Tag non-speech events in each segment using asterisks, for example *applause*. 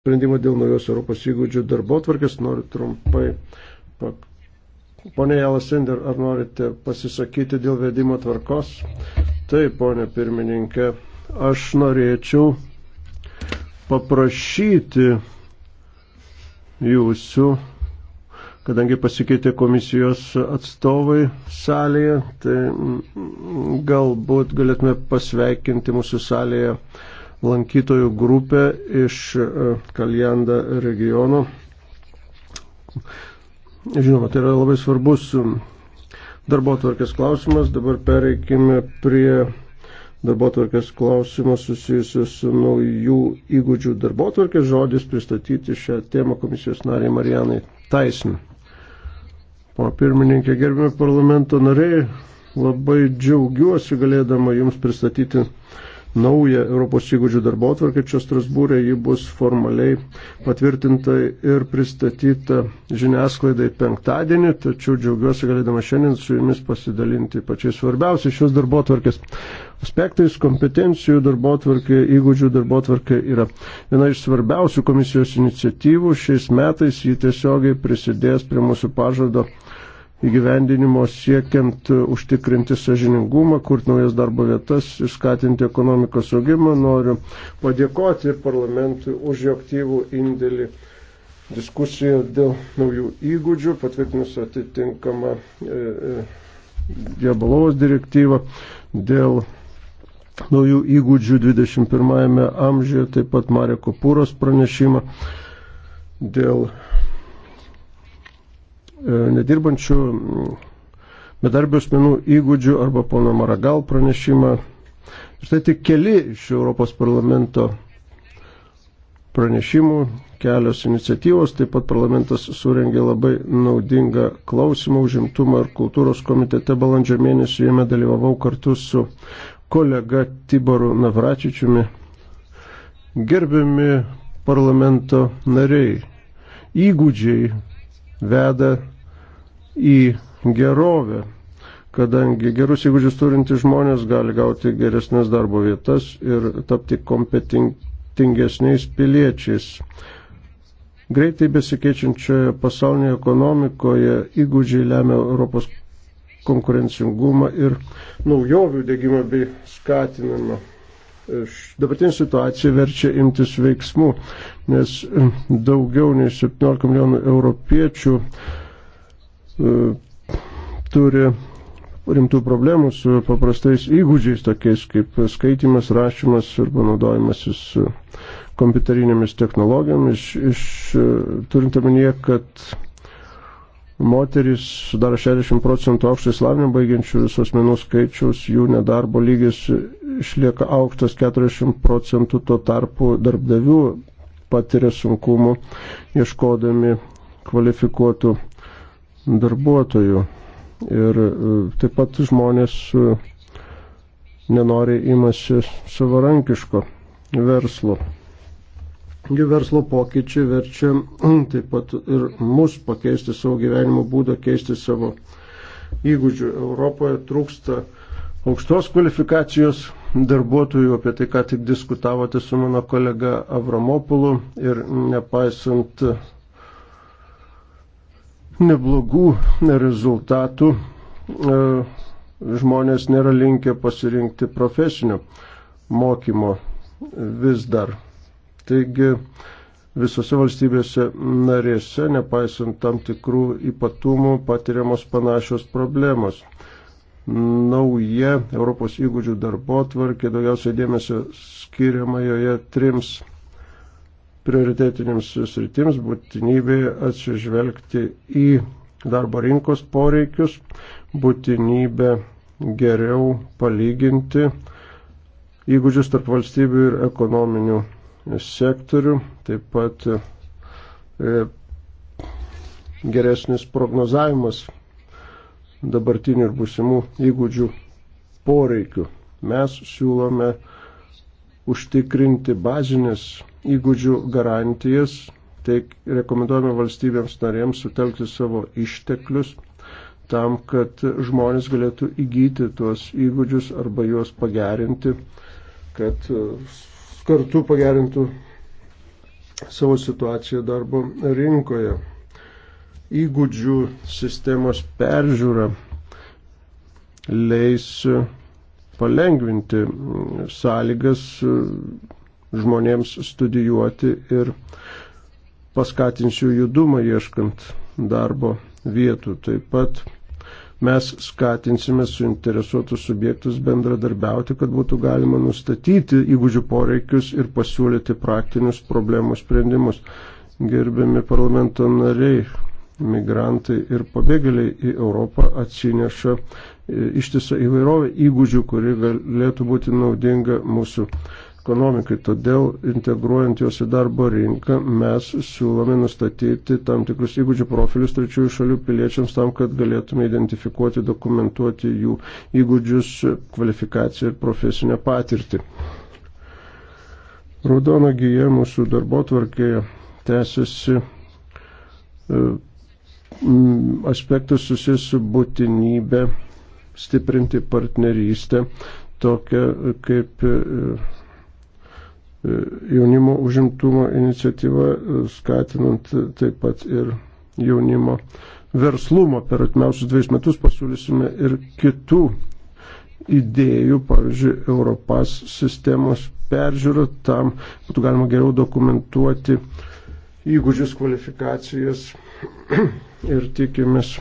sprendimą dėl naujos Europos įgūdžių darbo tvarkės. Noriu trumpai, pak... ponė Jalasender, ar norite pasisakyti dėl vedimo tvarkos? Taip, ponė pirmininkė, aš norėčiau paprašyti jūsų, kadangi pasikeitė komisijos atstovai salėje, tai galbūt galėtume pasveikinti mūsų salėje lankytojų grupė iš e, Kaljanda regiono. Žinoma, tai yra labai svarbus darbo tvarkės klausimas. Dabar pereikime prie darbo tvarkės klausimą susijusiu su naujų įgūdžių darbo tvarkės žodis pristatyti šią temą komisijos nariai Marijanai Taisin. Pana pirmininkė, gerbimi parlamento nariai, labai džiaugiuosi galėdama Jums pristatyti uh, naują Europos įgūdžių darbo atvarkę čia Strasbūrė, ji bus formaliai patvirtinta ir pristatyta žiniasklaidai penktadienį, tačiau džiaugiuosi galėdama šiandien su jumis pasidalinti pačiais svarbiausiais šios darbo atvarkės aspektais. Kompetencijų darbo atvarkė, įgūdžių darbo atvarkė yra viena iš svarbiausių komisijos iniciatyvų. Šiais metais ji tiesiogiai prisidės prie mūsų pažado įgyvendinimo siekiant e, užtikrinti sažiningumą, kurti naujas darbo vietas ir skatinti ekonomikos augimą. Noriu padėkoti parlamentui už jo aktyvų indėlį diskusiją dėl naujų įgūdžių, patvirtinus atitinkamą e, e, diabalovos direktyvą dėl naujų įgūdžių 21 amžiuje, taip pat Mareko Pūros pranešimą dėl E, nedirbančių mm, bedarbių asmenų įgūdžių arba pono Maragal pranešimą. Ir tai tik keli iš Europos parlamento pranešimų, kelios iniciatyvos, taip pat parlamentas surengė labai naudingą klausimą užimtumą ir kultūros komitete balandžio mėnesį jame dalyvavau kartu su kolega Tiboru Navračičiumi. Gerbiami parlamento nariai, įgūdžiai veda į gerovę, kadangi gerus įgūdžius turintys žmonės gali gauti geresnės darbo vietas ir tapti kompetentingesniais piliečiais. Greitai besikeičiančioje pasaulinėje ekonomikoje įgūdžiai lemia Europos konkurencingumą ir naujovių dėgymą bei skatinimą dabartinė situacija verčia imtis veiksmų, nes e, daugiau nei 17 milijonų europiečių e, turi rimtų problemų su paprastais įgūdžiais, tokiais kaip skaitimas, rašymas ir panaudojimasis e, kompiuterinėmis technologijomis, iš, iš, turint omenyje, kad moterys sudaro 60 procentų aukštą įslavinimą baigiančių visos menų skaičiaus, jų nedarbo lygis išlieka aukštas 40 procentų, tuo tarpu darbdavių patiria sunkumų ieškodami kvalifikuotų darbuotojų. Ir e, taip pat žmonės e, nenori imasi savarankiško verslo jų verslo pokyčiai verčia *clears throat* taip pat ir mus pakeisti savo gyvenimo būdą, keisti savo įgūdžių. Europoje trūksta aukštos kvalifikacijos darbuotojų, apie tai ką tik diskutavote su mano kolega Avramopulu ir nepaisant neblogų rezultatų e, žmonės nėra linkę pasirinkti profesinio mokymo vis dar. Taigi visose valstybėse narėse, nepaisant tam tikrų ypatumų, patiriamos panašios problemos. Nauja Europos įgūdžių darbo tvarkė daugiausiai dėmesio skiriama joje trims prioritetiniams sritims būtinybė atsižvelgti į darbo rinkos poreikius, būtinybė geriau palyginti įgūdžius tarp valstybių ir ekonominių sektorių, taip pat e, geresnis prognozavimas dabartinių ir būsimų įgūdžių poreikių. Mes siūlome užtikrinti bazinės įgūdžių garantijas, teik rekomenduojame valstybėms narėms sutelkti savo išteklius tam, kad žmonės galėtų įgyti tuos įgūdžius arba juos pagerinti, kad e, kartu pagerintų savo situaciją darbo rinkoje. Įgūdžių sistemos peržiūra leis palengvinti sąlygas žmonėms studijuoti ir paskatinsiu judumą ieškant darbo vietų. Taip pat mes skatinsime suinteresuotus subjektus bendradarbiauti, kad būtų galima nustatyti įgūdžių poreikius ir pasiūlyti praktinius problemų sprendimus. Gerbiami parlamento nariai, migrantai ir pabėgėliai į Europą atsineša e, ištisą įvairovę įgūdžių, kuri galėtų būti naudinga mūsų ekonomikai. Todėl, integruojant juos į darbo rinką, mes siūlome nustatyti tam tikrus įgūdžių profilius trečiųjų šalių piliečiams tam, kad galėtume identifikuoti, dokumentuoti jų įgūdžius, kvalifikaciją ir profesinę patirtį. Raudona gyja mūsų darbo tvarkėje tęsiasi e, aspektas susijęs su būtinybė stiprinti partnerystę tokią kaip e, E, jaunimo užimtumo iniciatyva, e, skatinant e, taip pat ir jaunimo verslumo. Per atmiausius dviejus metus pasiūlysime ir kitų idėjų, pavyzdžiui, Europas sistemos peržiūrą tam, būtų galima geriau dokumentuoti įgūdžius, kvalifikacijas *clears throat* ir tikimės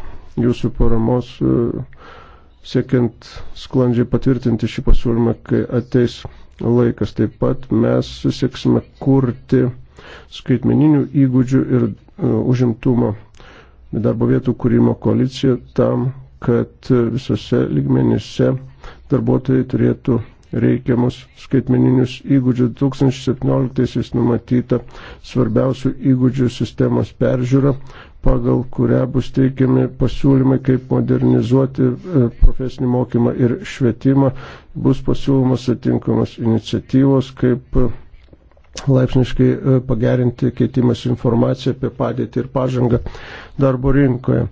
jūsų paramos siekiant sklandžiai patvirtinti šį pasiūlymą, kai ateis laikas. Taip pat mes susieksime kurti skaitmeninių įgūdžių ir e, užimtumo darbo vietų kūrimo koaliciją tam, kad visose lygmenyse darbuotojai turėtų reikiamus skaitmeninius įgūdžius. 2017 numatyta svarbiausių įgūdžių sistemos peržiūra, pagal kurią bus teikiami pasiūlymai, kaip modernizuoti e, profesinį mokymą ir švietimą, bus pasiūlymas atinkamas iniciatyvos, kaip e, laipsniškai e, pagerinti keitimas informaciją apie padėtį ir pažangą darbo rinkoje.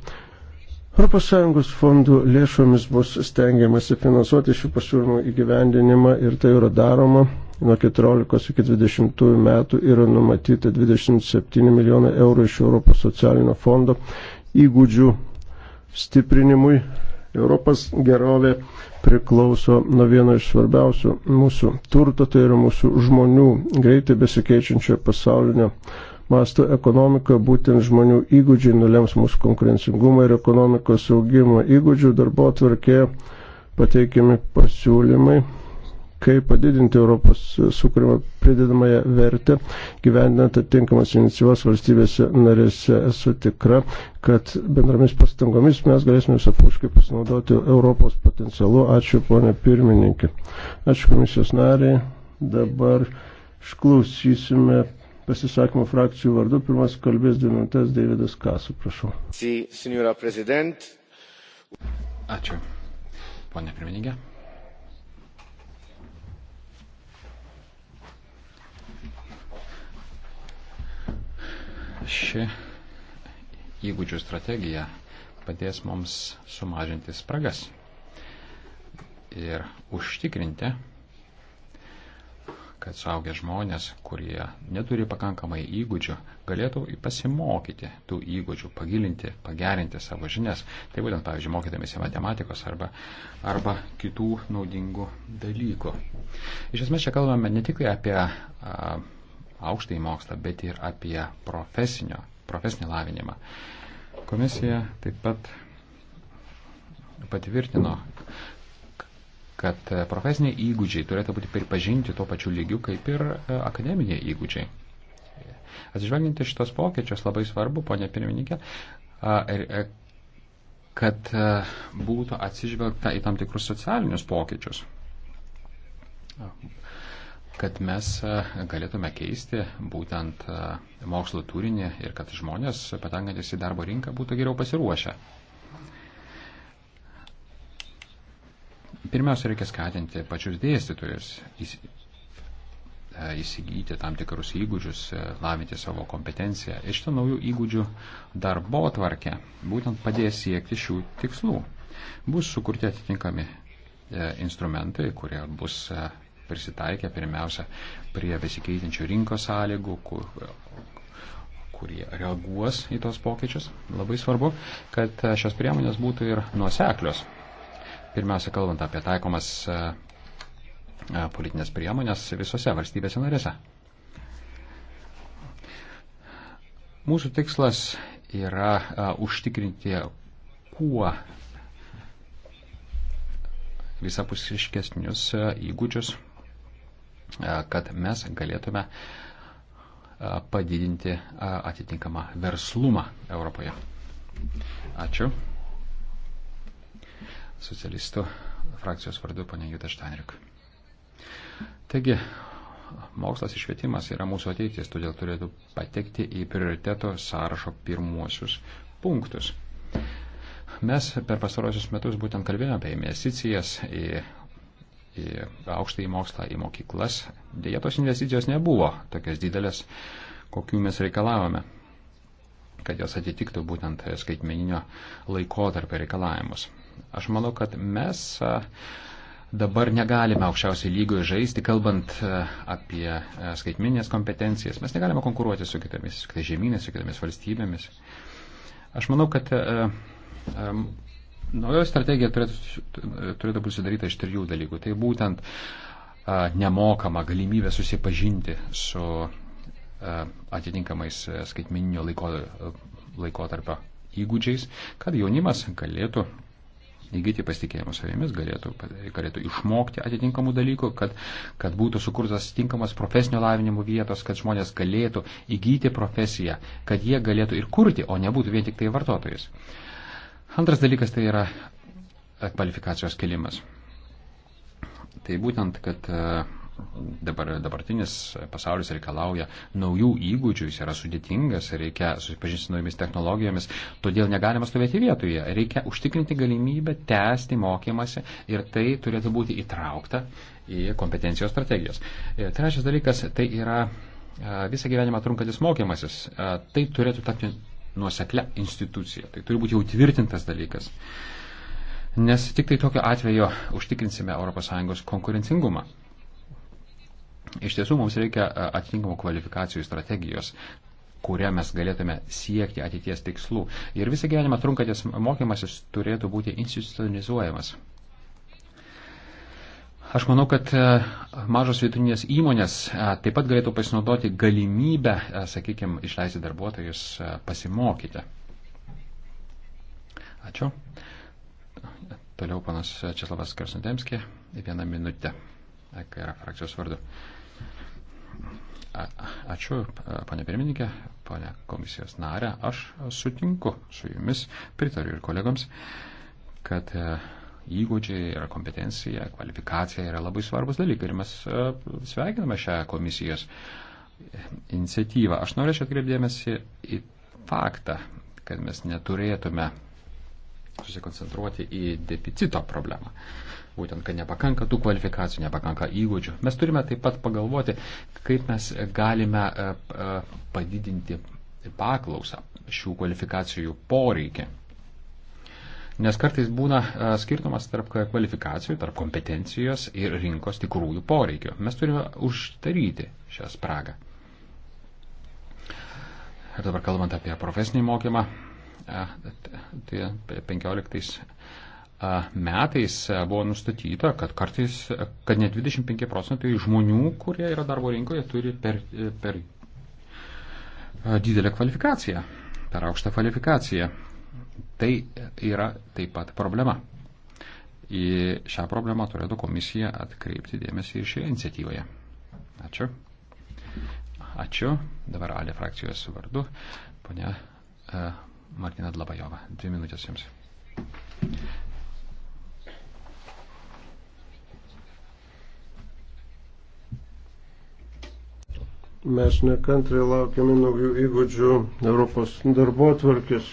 ES fondų lėšomis bus stengiamasi finansuoti šių pasiūlymų įgyvendinimą ir tai yra daroma nuo 14 iki 20 metų yra numatyta 27 milijonai eurų iš Europos socialinio fondo įgūdžių stiprinimui. Europos gerovė priklauso nuo vieno iš svarbiausių mūsų turto, tai yra mūsų žmonių greitai besikeičiančio pasaulinio masto ekonomika, būtent žmonių įgūdžiai nulems mūsų konkurencingumą ir ekonomikos augimą. Įgūdžių darbo atvarkėje pateikiami pasiūlymai kaip padidinti Europos sukūrimą pridedamąją vertę, gyvendinant atitinkamas inicijuos valstybėse narėse. Esu tikra, kad bendromis pastangomis mes galėsime visapuškai pasinaudoti Europos potencialu. Ačiū, ponė pirmininkė. Ačiū komisijos nariai. Dabar išklausysime pasisakymų frakcijų vardu. Pirmas kalbės dvi minutės Davidas Kasu, prašau. Ačiū. Pone pirmininkė. ši įgūdžių strategija padės mums sumažinti spragas ir užtikrinti, kad suaugę žmonės, kurie neturi pakankamai įgūdžių, galėtų pasimokyti tų įgūdžių, pagilinti, pagerinti savo žinias. Tai būtent, pavyzdžiui, mokydamėsi matematikos arba, arba kitų naudingų dalykų. Iš esmės čia kalbame ne tik apie a, aukštąjį mokslą, bet ir apie profesinį lavinimą. Komisija taip pat patvirtino, kad profesiniai įgūdžiai turėtų būti pripažinti tuo pačiu lygiu kaip ir e, akademiniai įgūdžiai. Atsižvelginti šitos pokyčius labai svarbu, ponė pirmininkė, e, kad e, būtų atsižvelgta į tam tikrus socialinius pokyčius kad mes e, galėtume keisti būtent e, mokslo turinį ir kad žmonės patenkantis į darbo rinką būtų geriau pasiruošę. Pirmiausia, reikia skatinti pačius dėstytojus e, įsigyti tam tikrus įgūdžius, lavinti savo kompetenciją. Ir šitą naujų įgūdžių darbo tvarkę būtent padės siekti šių tikslų. Bus sukurti atitinkami instrumentai, kurie bus prisitaikę pirmiausia prie besikeitinčių rinkos sąlygų, kur, kurie reaguos į tos pokyčius. Labai svarbu, kad e, šios priemonės būtų ir nuoseklios. Pirmiausia, kalbant apie taikomas e, e, politinės priemonės visose valstybėse narėse. Mūsų tikslas yra a, užtikrinti kuo visapusiškesnius įgūdžius kad mes galėtume padidinti atitinkamą verslumą Europoje. Ačiū. Socialistų frakcijos vardu, ponė Jūta Štanrik. Taigi, mokslas ir švietimas yra mūsų ateitis, todėl turėtų patekti į prioriteto sąrašo pirmuosius punktus. Mes per pastarosius metus būtent kalbėjome apie investicijas į į aukštąjį mokslą, į mokyklas. Dėja, tos investicijos nebuvo tokias didelės, kokių mes reikalavome, kad jos atitiktų būtent skaitmeninio laikotarpio reikalavimus. Aš manau, kad mes dabar negalime aukščiausiai lygoje žaisti, kalbant apie skaitminės kompetencijas. Mes negalime konkuruoti su kitomis, su kitomis žemynės, su kitomis valstybėmis. Aš manau, kad Naujoji strategija turėtų, turėtų būti sudaryta iš trijų dalykų. Tai būtent a, nemokama galimybė susipažinti su a, atitinkamais skaitmininio laiko, laikotarpio įgūdžiais, kad jaunimas galėtų įgyti pasitikėjimą savimis, galėtų, galėtų išmokti atitinkamų dalykų, kad, kad būtų sukurtas tinkamas profesinio lavinimo vietos, kad žmonės galėtų įgyti profesiją, kad jie galėtų ir kurti, o nebūtų vien tik tai vartotojais. Uh, Antras dalykas tai yra e, kvalifikacijos kelimas. Tai būtent, kad e, dabar, dabartinis pasaulis reikalauja naujų įgūdžių, jis yra sudėtingas, reikia susipažinti su naujomis technologijomis, todėl negalima stovėti vietoje, reikia užtikrinti galimybę tęsti mokymasi ir tai turėtų būti įtraukta į kompetencijos strategijas. E, trečias dalykas tai yra visą gyvenimą trunkantis mokymasis. Tai turėtų tapti nuoseklia institucija. Tai turi būti jau tvirtintas dalykas. Nes tik tai tokiu atveju užtikrinsime ES konkurencingumą. Iš tiesų mums reikia e, atitinkamų kvalifikacijų strategijos, kurią mes galėtume siekti ateities tikslų. Ir visą gyvenimą trunkantis mokymasis turėtų būti institucionalizuojamas. Aš manau, kad e, mažos vidutinės įmonės e, taip pat galėtų pasinaudoti galimybę, e, sakykime, išleisti darbuotojus pasimokyti. Ačiū. Toliau panas Česlavas Karsnodemskė, vieną minutę, kai yra frakcijos vardu. A, ačiū, panė pirmininkė, panė komisijos narė, aš sutinku su jumis, pritariu ir kolegoms, kad įgūdžiai ir kompetencija, kvalifikacija yra labai svarbus dalykai ir mes e, sveikiname šią komisijos iniciatyvą. Aš norėčiau atkreipdėmėsi į faktą, kad mes neturėtume susikoncentruoti į deficito problemą. Būtent, kad nepakanka tų kvalifikacijų, nepakanka įgūdžių. Mes turime taip pat pagalvoti, kaip mes galime e, e, padidinti paklausą šių kvalifikacijų poreikį. Nes kartais būna e, skirtumas tarp kvalifikacijų, tarp kompetencijos ir rinkos tikrųjų poreikio. Mes turime uždaryti šią spragą. Ir dabar kalbant apie profesinį mokymą, e, tai 15 e, metais buvo nustatyta, kad kartais, kad net 25 procentai žmonių, kurie yra darbo rinkoje, turi per, per didelę kvalifikaciją, per aukštą kvalifikaciją. Tai yra taip pat problema. Į šią problemą turėtų komisija atkreipti dėmesį ir šioje iniciatyvoje. Ačiū. Ačiū. Dabar Alė frakcijos vardu. Pone uh, Martina Dlabajova. Dvi minutės jums. Mes nekantrai laukiame naujų įgūdžių Europos darbo atvarkės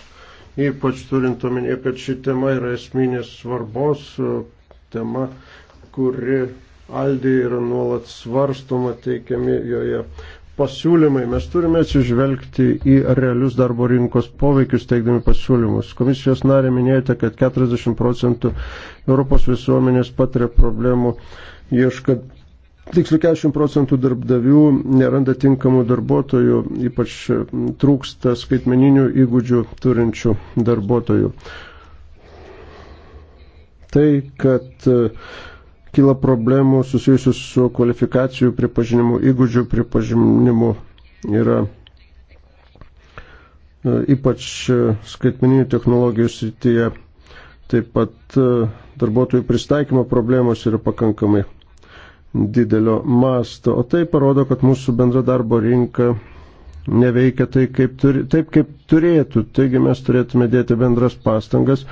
ypač turint omenyje, kad ši tema yra esminės svarbos e, tema, kuri Aldė yra nuolat svarstoma, teikiami joje pasiūlymai. Mes turime atsižvelgti į realius darbo rinkos poveikius teikdami pasiūlymus. Komisijos narė minėjote, kad 40 procentų Europos visuomenės patiria problemų ieškant Tiksliau 40 procentų darbdavių neranda tinkamų darbuotojų, ypač trūksta skaitmeninių įgūdžių turinčių darbuotojų. Tai, kad e, kyla problemų susijusių su kvalifikacijų pripažinimu, įgūdžių pripažinimu, yra e, ypač e, skaitmeninių technologijų srityje. Taip pat darbuotojų pristaikymo problemos yra pakankamai didelio masto. O tai parodo, kad mūsų bendra darbo rinka neveikia tai, kaip turi, taip, kaip turėtų. Taigi mes turėtume dėti bendras pastangas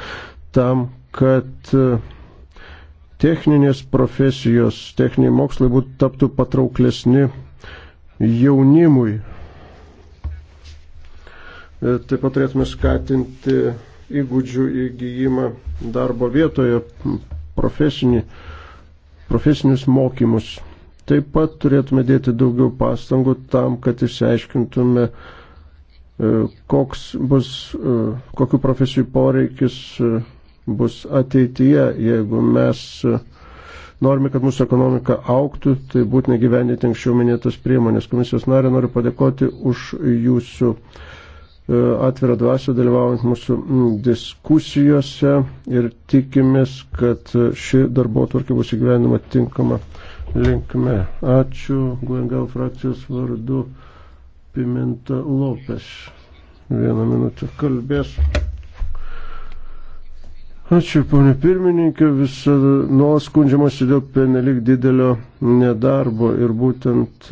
tam, kad e, techninės profesijos, techniniai mokslai būtų taptų patrauklesni jaunimui. E, taip pat turėtume skatinti įgūdžių įgyjimą darbo vietoje, profesinį uh, profesinius mokymus. Taip pat turėtume dėti daugiau pastangų tam, kad išsiaiškintume, e, koks bus, e, kokiu profesijų poreikis e, bus ateityje, jeigu mes norime, kad mūsų ekonomika auktų, tai būtina gyvendyti anksčiau minėtas priemonės. Komisijos narė noriu padėkoti už jūsų uh, E, atvirą dvasę dalyvaujant mūsų diskusijose ir tikimės, kad ši darbo tvarkė bus įgyvenima tinkama linkme. Ačiū Guengal frakcijos vardu Pimenta Lopeš. Vieną minutę kalbės. Ačiū, ponė pirmininkė, visą nuolat skundžiamasi dėl penelik didelio nedarbo ir būtent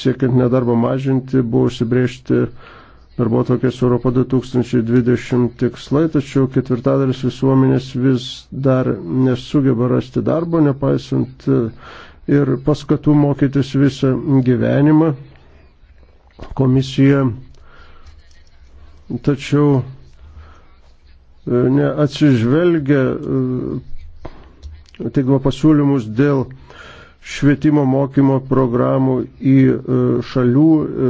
siekiant nedarbą mažinti buvo užsibriežti uh, darbo tokias Europo 2020 tikslai, tačiau ketvirtadalis visuomenės vis dar nesugeba rasti darbo, nepaisant e, ir paskatų mokytis visą gyvenimą. Komisija tačiau e, neatsižvelgia e, teikdama pasiūlymus dėl švietimo mokymo programų į e, šalių e,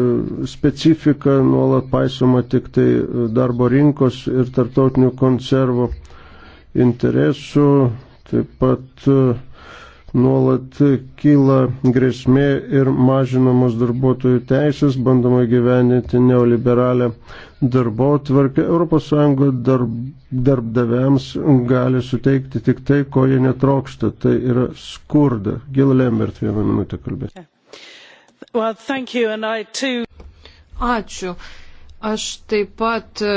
specifiką, nuolat paisoma tik tai e, darbo rinkos ir tarptautinių konservų interesų, taip pat nuolat kyla grėsmė ir mažinamos darbuotojų teisės, bandoma gyveninti neoliberalę darbo tvarkę. ES darb, darbdaviams gali suteikti tik tai, ko jie netrokšta, tai yra skurda. Gil Lambert vieną minutę kalbės. Well, too... Ačiū. Aš taip pat e,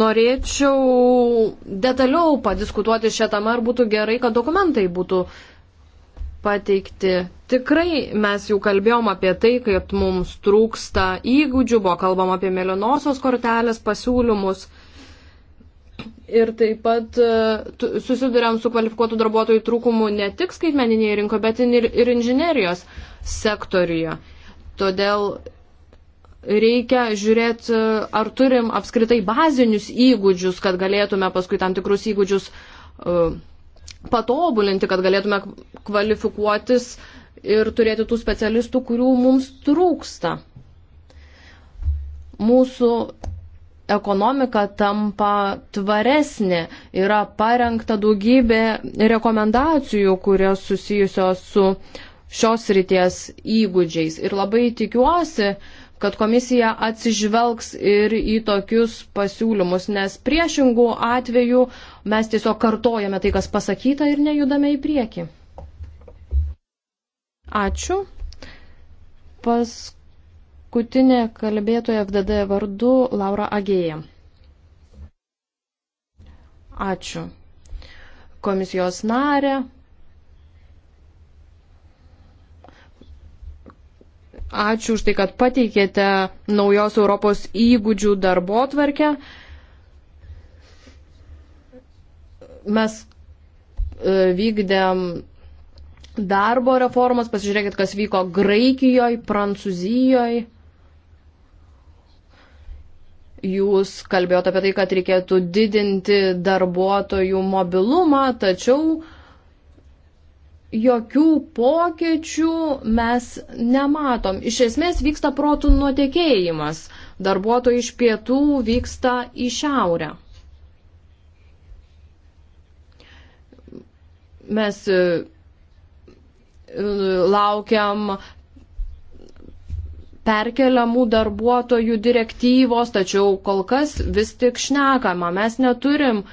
norėčiau detaliau padiskutuoti šią temą ir būtų gerai, kad dokumentai būtų uh, pateikti. Tikrai mes jau kalbėjom apie tai, kaip mums trūksta įgūdžių, buvo kalbam apie mėlynosios kortelės pasiūlymus. Ir taip pat e, susidurėm su kvalifikuotų darbuotojų trūkumu ne tik skaitmeninėje rinkoje, bet ir inžinerijos sektoriuje. Todėl reikia žiūrėti, e, ar turim apskritai bazinius įgūdžius, kad galėtume paskui tam tikrus įgūdžius uh, patobulinti, kad galėtume kvalifikuotis ir turėti tų specialistų, kurių mums trūksta. Mūsų ekonomika tampa tvaresnė, yra parengta daugybė rekomendacijų, kurios susijusios su šios ryties įgūdžiais. Ir labai tikiuosi, kad komisija atsižvelgs ir į tokius pasiūlymus, nes priešingų atvejų mes tiesiog kartojame tai, kas pasakyta ir nejudame į priekį. Ačiū. Paskutinė kalbėtoja FDD vardu Laura Agėja. Ačiū. Komisijos narė, Ačiū už tai, kad pateikėte naujos Europos įgūdžių darbo tvarkę. Mes e, vykdėm darbo reformas, pasižiūrėkit, kas vyko Graikijoje, Prancūzijoje. Jūs kalbėjote apie tai, kad reikėtų didinti darbuotojų mobilumą, tačiau uh, jokių pokyčių mes nematom. Iš esmės vyksta protų nutekėjimas. Darbuotojai iš pietų vyksta į šiaurę. Mes e, e, laukiam perkeliamų darbuotojų direktyvos, tačiau kol kas vis tik šnekama. Mes neturim uh,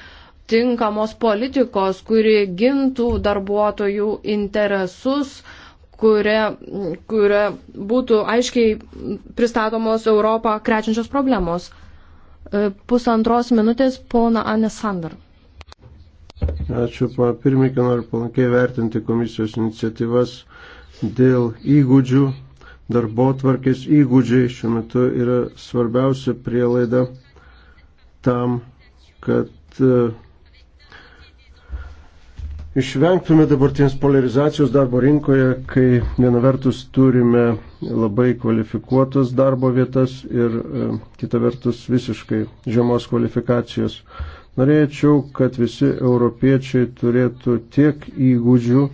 tinkamos politikos, kuri gintų darbuotojų interesus, kuria, kuria būtų aiškiai pristatomos Europą krečiančios problemos. E, pusantros minutės pona Anne Sander. Ačiū, pana pirmininkė, noriu palankiai vertinti komisijos iniciatyvas dėl įgūdžių. Darbo tvarkės įgūdžiai šiuo metu yra svarbiausia prielaida tam, kad e, išvengtume dabartinės polarizacijos darbo rinkoje, kai viena vertus turime labai kvalifikuotas darbo vietas ir e, kita vertus visiškai žemos kvalifikacijos. Norėčiau, kad visi europiečiai turėtų tiek įgūdžių,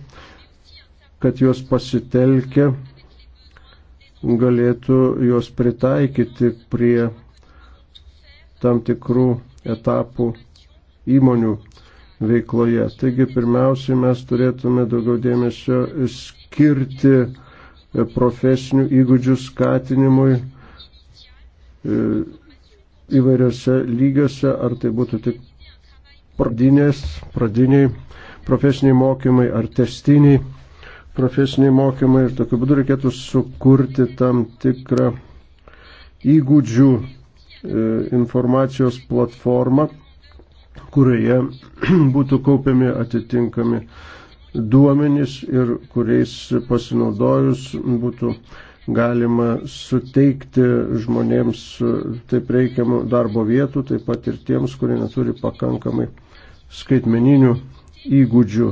kad juos pasitelkę galėtų juos pritaikyti prie tam tikrų etapų įmonių veikloje. Taigi pirmiausiai mes turėtume daugiau dėmesio skirti profesinių įgūdžių skatinimui e, įvairiose lygiuose, ar tai būtų tik pradinės, pradiniai profesiniai mokymai ar testiniai profesiniai mokymai ir tokiu būdu reikėtų sukurti tam tikrą įgūdžių e, informacijos platformą kurioje *clears throat* būtų kaupiami atitinkami duomenys ir kuriais pasinaudojus būtų galima suteikti žmonėms taip reikiamų darbo vietų, taip pat ir tiems, kurie neturi pakankamai skaitmeninių įgūdžių.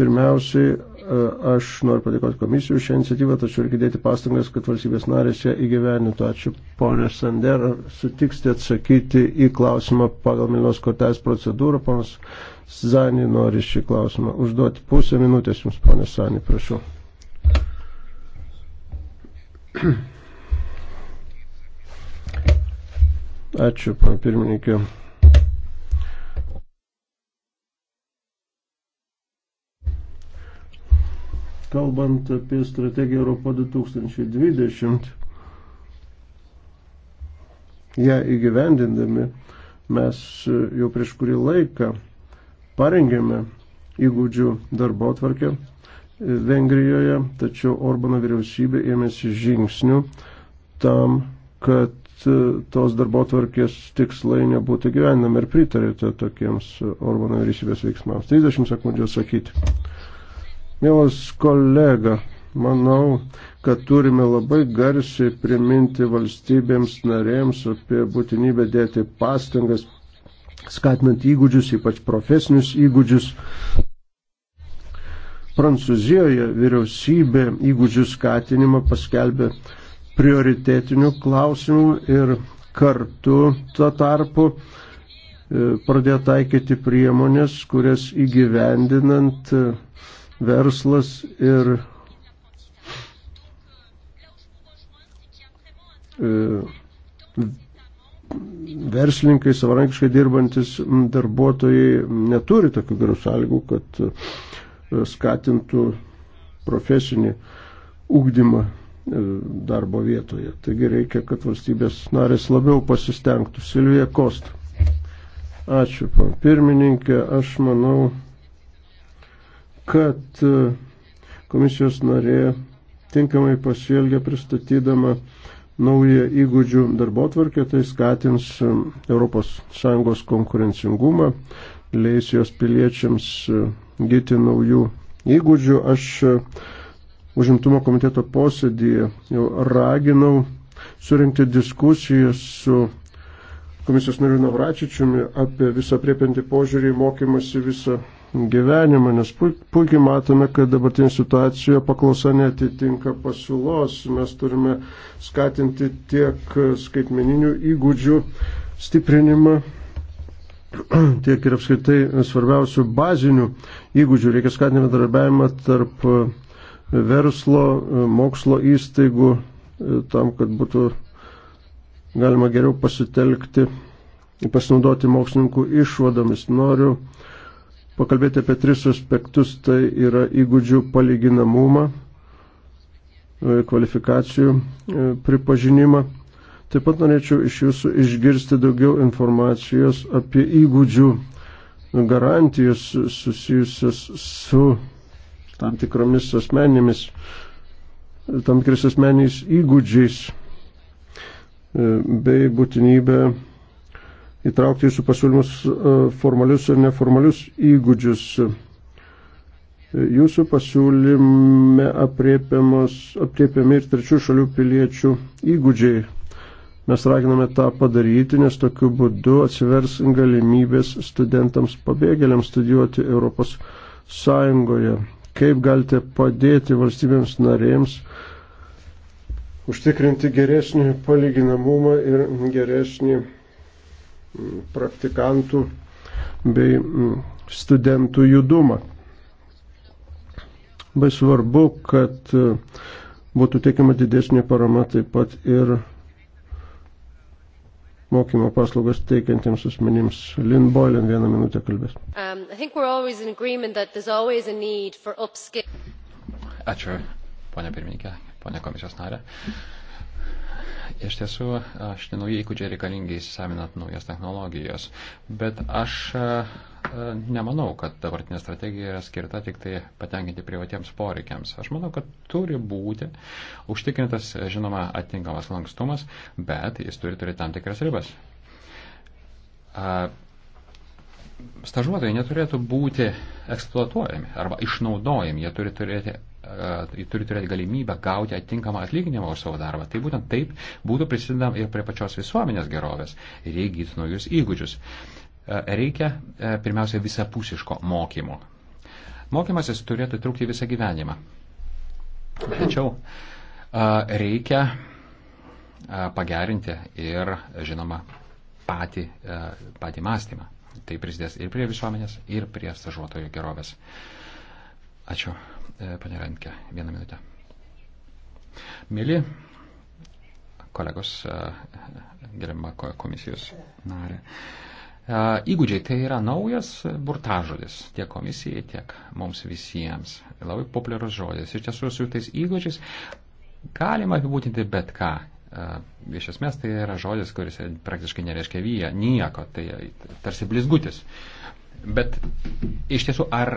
Pirmiausiai E, aš noriu padėkoti komisijų šią iniciatyvą, tačiau reikia dėti pastangas, kad valstybės narės ją įgyvenintų. Ačiū, ponė Sander. Ar sutiksite atsakyti į klausimą pagal Milnos kortelės procedūrą? Ponas Zani nori šį klausimą užduoti. Pusę minutės jums, ponė Sani, prašau. Ačiū, pan pirmininkė. kalbant apie strategiją Europo 2020, ją įgyvendindami mes e, jau prieš kurį laiką parengėme įgūdžių darbo atvarkę e, Vengrijoje, tačiau Orbano vyriausybė ėmėsi žingsnių tam, kad e, tos darbo tvarkės tikslai nebūtų gyvenami ir pritarėte tokiems Orbano vyriausybės veiksmams. 30 sekundžių sakyti. Mielas kolega, manau, kad turime labai garsiai priminti valstybėms narėms apie būtinybę dėti pastangas, skatinant įgūdžius, ypač profesinius įgūdžius. Prancūzijoje vyriausybė įgūdžių skatinimą paskelbė prioritetinių klausimų ir kartu tuo tarpu e, pradėjo taikyti priemonės, kurias įgyvendinant e, verslas ir e, verslininkai, savarankiškai dirbantis darbuotojai neturi tokių gerų sąlygų, kad e, skatintų profesinį ūkdymą e, darbo vietoje. Taigi reikia, kad valstybės narės labiau pasistengtų. Silvija Kosta. Ačiū, pirmininkė. Aš manau, kad e, komisijos narė tinkamai pasielgia pristatydama naują įgūdžių darbo tvarkę, tai skatins ES konkurencingumą, leis jos piliečiams e, gyti naujų įgūdžių. Aš e, užimtumo komiteto posėdėje jau raginau surinkti diskusiją su komisijos nariu Navračičiumi apie visą priepinti požiūrį į mokymasi visą gyvenimą, nes puikiai matome, kad dabartinė situacija paklausa netitinka pasiūlos. Mes turime skatinti tiek skaitmeninių įgūdžių stiprinimą, *clears throat* tiek ir apskritai svarbiausių bazinių įgūdžių. Reikia skatinti bendradarbiavimą tarp e, verslo, e, mokslo įstaigų, e, tam, kad būtų galima geriau pasitelkti, pasinaudoti mokslininkų išvadomis. Noriu uh, pakalbėti apie tris aspektus. Tai yra įgūdžių palyginamumą, e, kvalifikacijų e, pripažinimą. Taip pat norėčiau iš jūsų išgirsti daugiau informacijos apie įgūdžių garantijos susijusios su tam tikromis asmenėmis, tam tikrais asmeniais įgūdžiais e, bei būtinybė įtraukti jūsų pasiūlymus e, formalius ir neformalius įgūdžius. Jūsų pasiūlyme apriepiami ir trečių šalių piliečių įgūdžiai. Mes raginame tą padaryti, nes tokiu būdu atsivers galimybės studentams pabėgėliams studijuoti Europos Sąjungoje. Kaip galite padėti valstybėms narėms užtikrinti geresnį palyginamumą ir geresnį praktikantų bei studentų judumą. Labai svarbu, kad e, būtų teikiama didesnė parama taip pat ir mokymo paslaugas teikiantiems asmenims. Lynn Boylan vieną minutę kalbės. Um, Ačiū, ponia pirmininkė, ponia komisijos narė. Uh, Iš šitų, aš nenauji įgūdžiai reikalingi įsisavinant naujas technologijas, bet aš e, e, nemanau, kad dabartinė strategija yra skirta tik tai patenkinti privatiems poreikiams. Aš manau, kad turi būti užtikrintas, žinoma, atinkamas lankstumas, bet jis turi turėti tam tikras ribas. E, stažuotojai neturėtų būti eksploatuojami arba išnaudojami, jie turi turėti E, turi turėti galimybę gauti atitinkamą atlyginimą už savo darbą. Tai būtent taip būtų prisidedam ir prie pačios visuomenės gerovės ir įgyti naujus įgūdžius. E, reikia e, pirmiausia visapusiško mokymo. Mokymasis turėtų trukti visą gyvenimą. Tačiau reikia pagerinti ir, žinoma, patį, patį mąstymą. Tai prisidės ir prie visuomenės, ir prie stažuotojų gerovės. Ačiū. E, Pane Renke, vieną minutę. Mėly kolegos, e, gerima komisijos narė. E, įgūdžiai tai yra naujas burtažodis tiek komisijai, tiek mums visiems. Labai populiarus žodis. Iš tiesų su tais įgūdžiais galima apibūtinti bet ką. Iš esmės tai yra žodis, kuris praktiškai nereiškia vyja, nieko, tai tarsi blizgutis. Bet iš tiesų, ar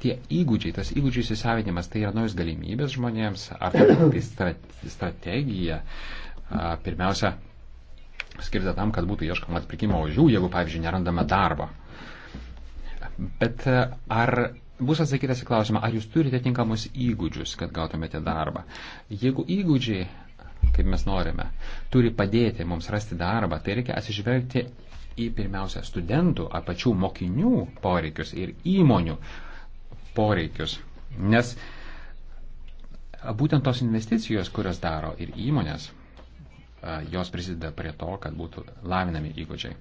tie įgūdžiai, tas įgūdžių įsisavinimas, tai yra naujos galimybės žmonėms, ar tai strategija, pirmiausia, skirta tam, kad būtų ieškoma atpirkimo ožių, jeigu, pavyzdžiui, nerandame darbo. Bet ar bus atsakytas į klausimą, ar jūs turite tinkamus įgūdžius, kad gautumėte darbą? Jeigu įgūdžiai, kaip mes norime, turi padėti mums rasti darbą, tai reikia atsižvelgti į pirmiausia studentų, apačių mokinių poreikius ir įmonių poreikius. Nes būtent tos investicijos, kurias daro ir įmonės, jos prisideda prie to, kad būtų lavinami įgūdžiai.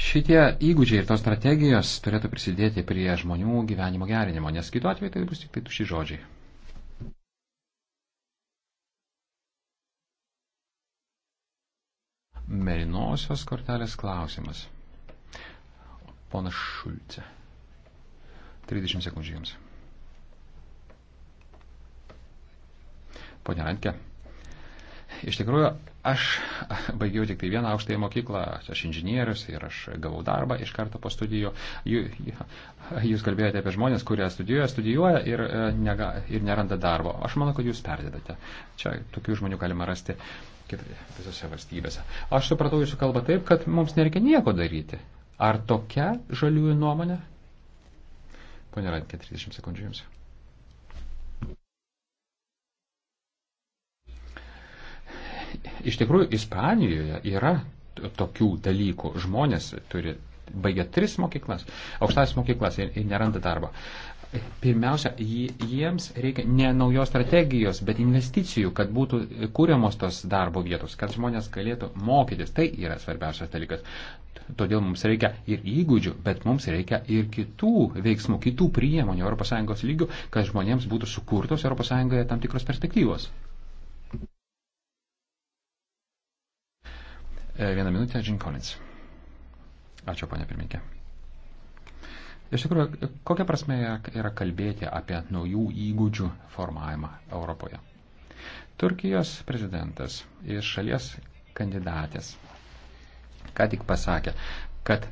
Šitie įgūdžiai ir tos strategijos turėtų prisidėti prie žmonių gyvenimo gerinimo, nes kitu atveju tai bus tik tai tuši žodžiai. Merinosios kortelės klausimas. Ponas Šulce. 30 sekundžių jums. Pone Rankė. Iš tikrųjų, aš baigiau tik tai vieną aukštąją mokyklą, aš inžinierius ir aš gavau darbą iš karto po studijų. Jūs kalbėjote apie žmonės, kurie studijuoja, studijuoja ir, e, nega, ir neranda darbo. Aš manau, kad jūs perdedate. Čia tokių žmonių galima rasti visose valstybėse. Aš supratau jūsų kalbą taip, kad mums nereikia nieko daryti. Ar tokia žaliųjų nuomonė? Pone Radke, 30 sekundžių jums. Iš tikrųjų, Ispanijoje yra tokių dalykų. Žmonės turi baigia tris mokyklas, aukštas mokyklas ir, ir neranda darbo. Pirmiausia, jiems reikia ne naujos strategijos, bet investicijų, kad būtų kūriamos tos darbo vietos, kad žmonės galėtų mokytis. Tai yra svarbiausias dalykas. Todėl mums reikia ir įgūdžių, bet mums reikia ir kitų veiksmų, kitų priemonių ES lygių, kad žmonėms būtų sukurtos ES tam tikros perspektyvos. E, vieną minutę, Džin Collins. Ačiū, ponia pirmininkė. Iš tikrųjų, kokia prasme yra kalbėti apie naujų įgūdžių formavimą Europoje? Turkijos prezidentas iš šalies kandidatės ką tik pasakė, kad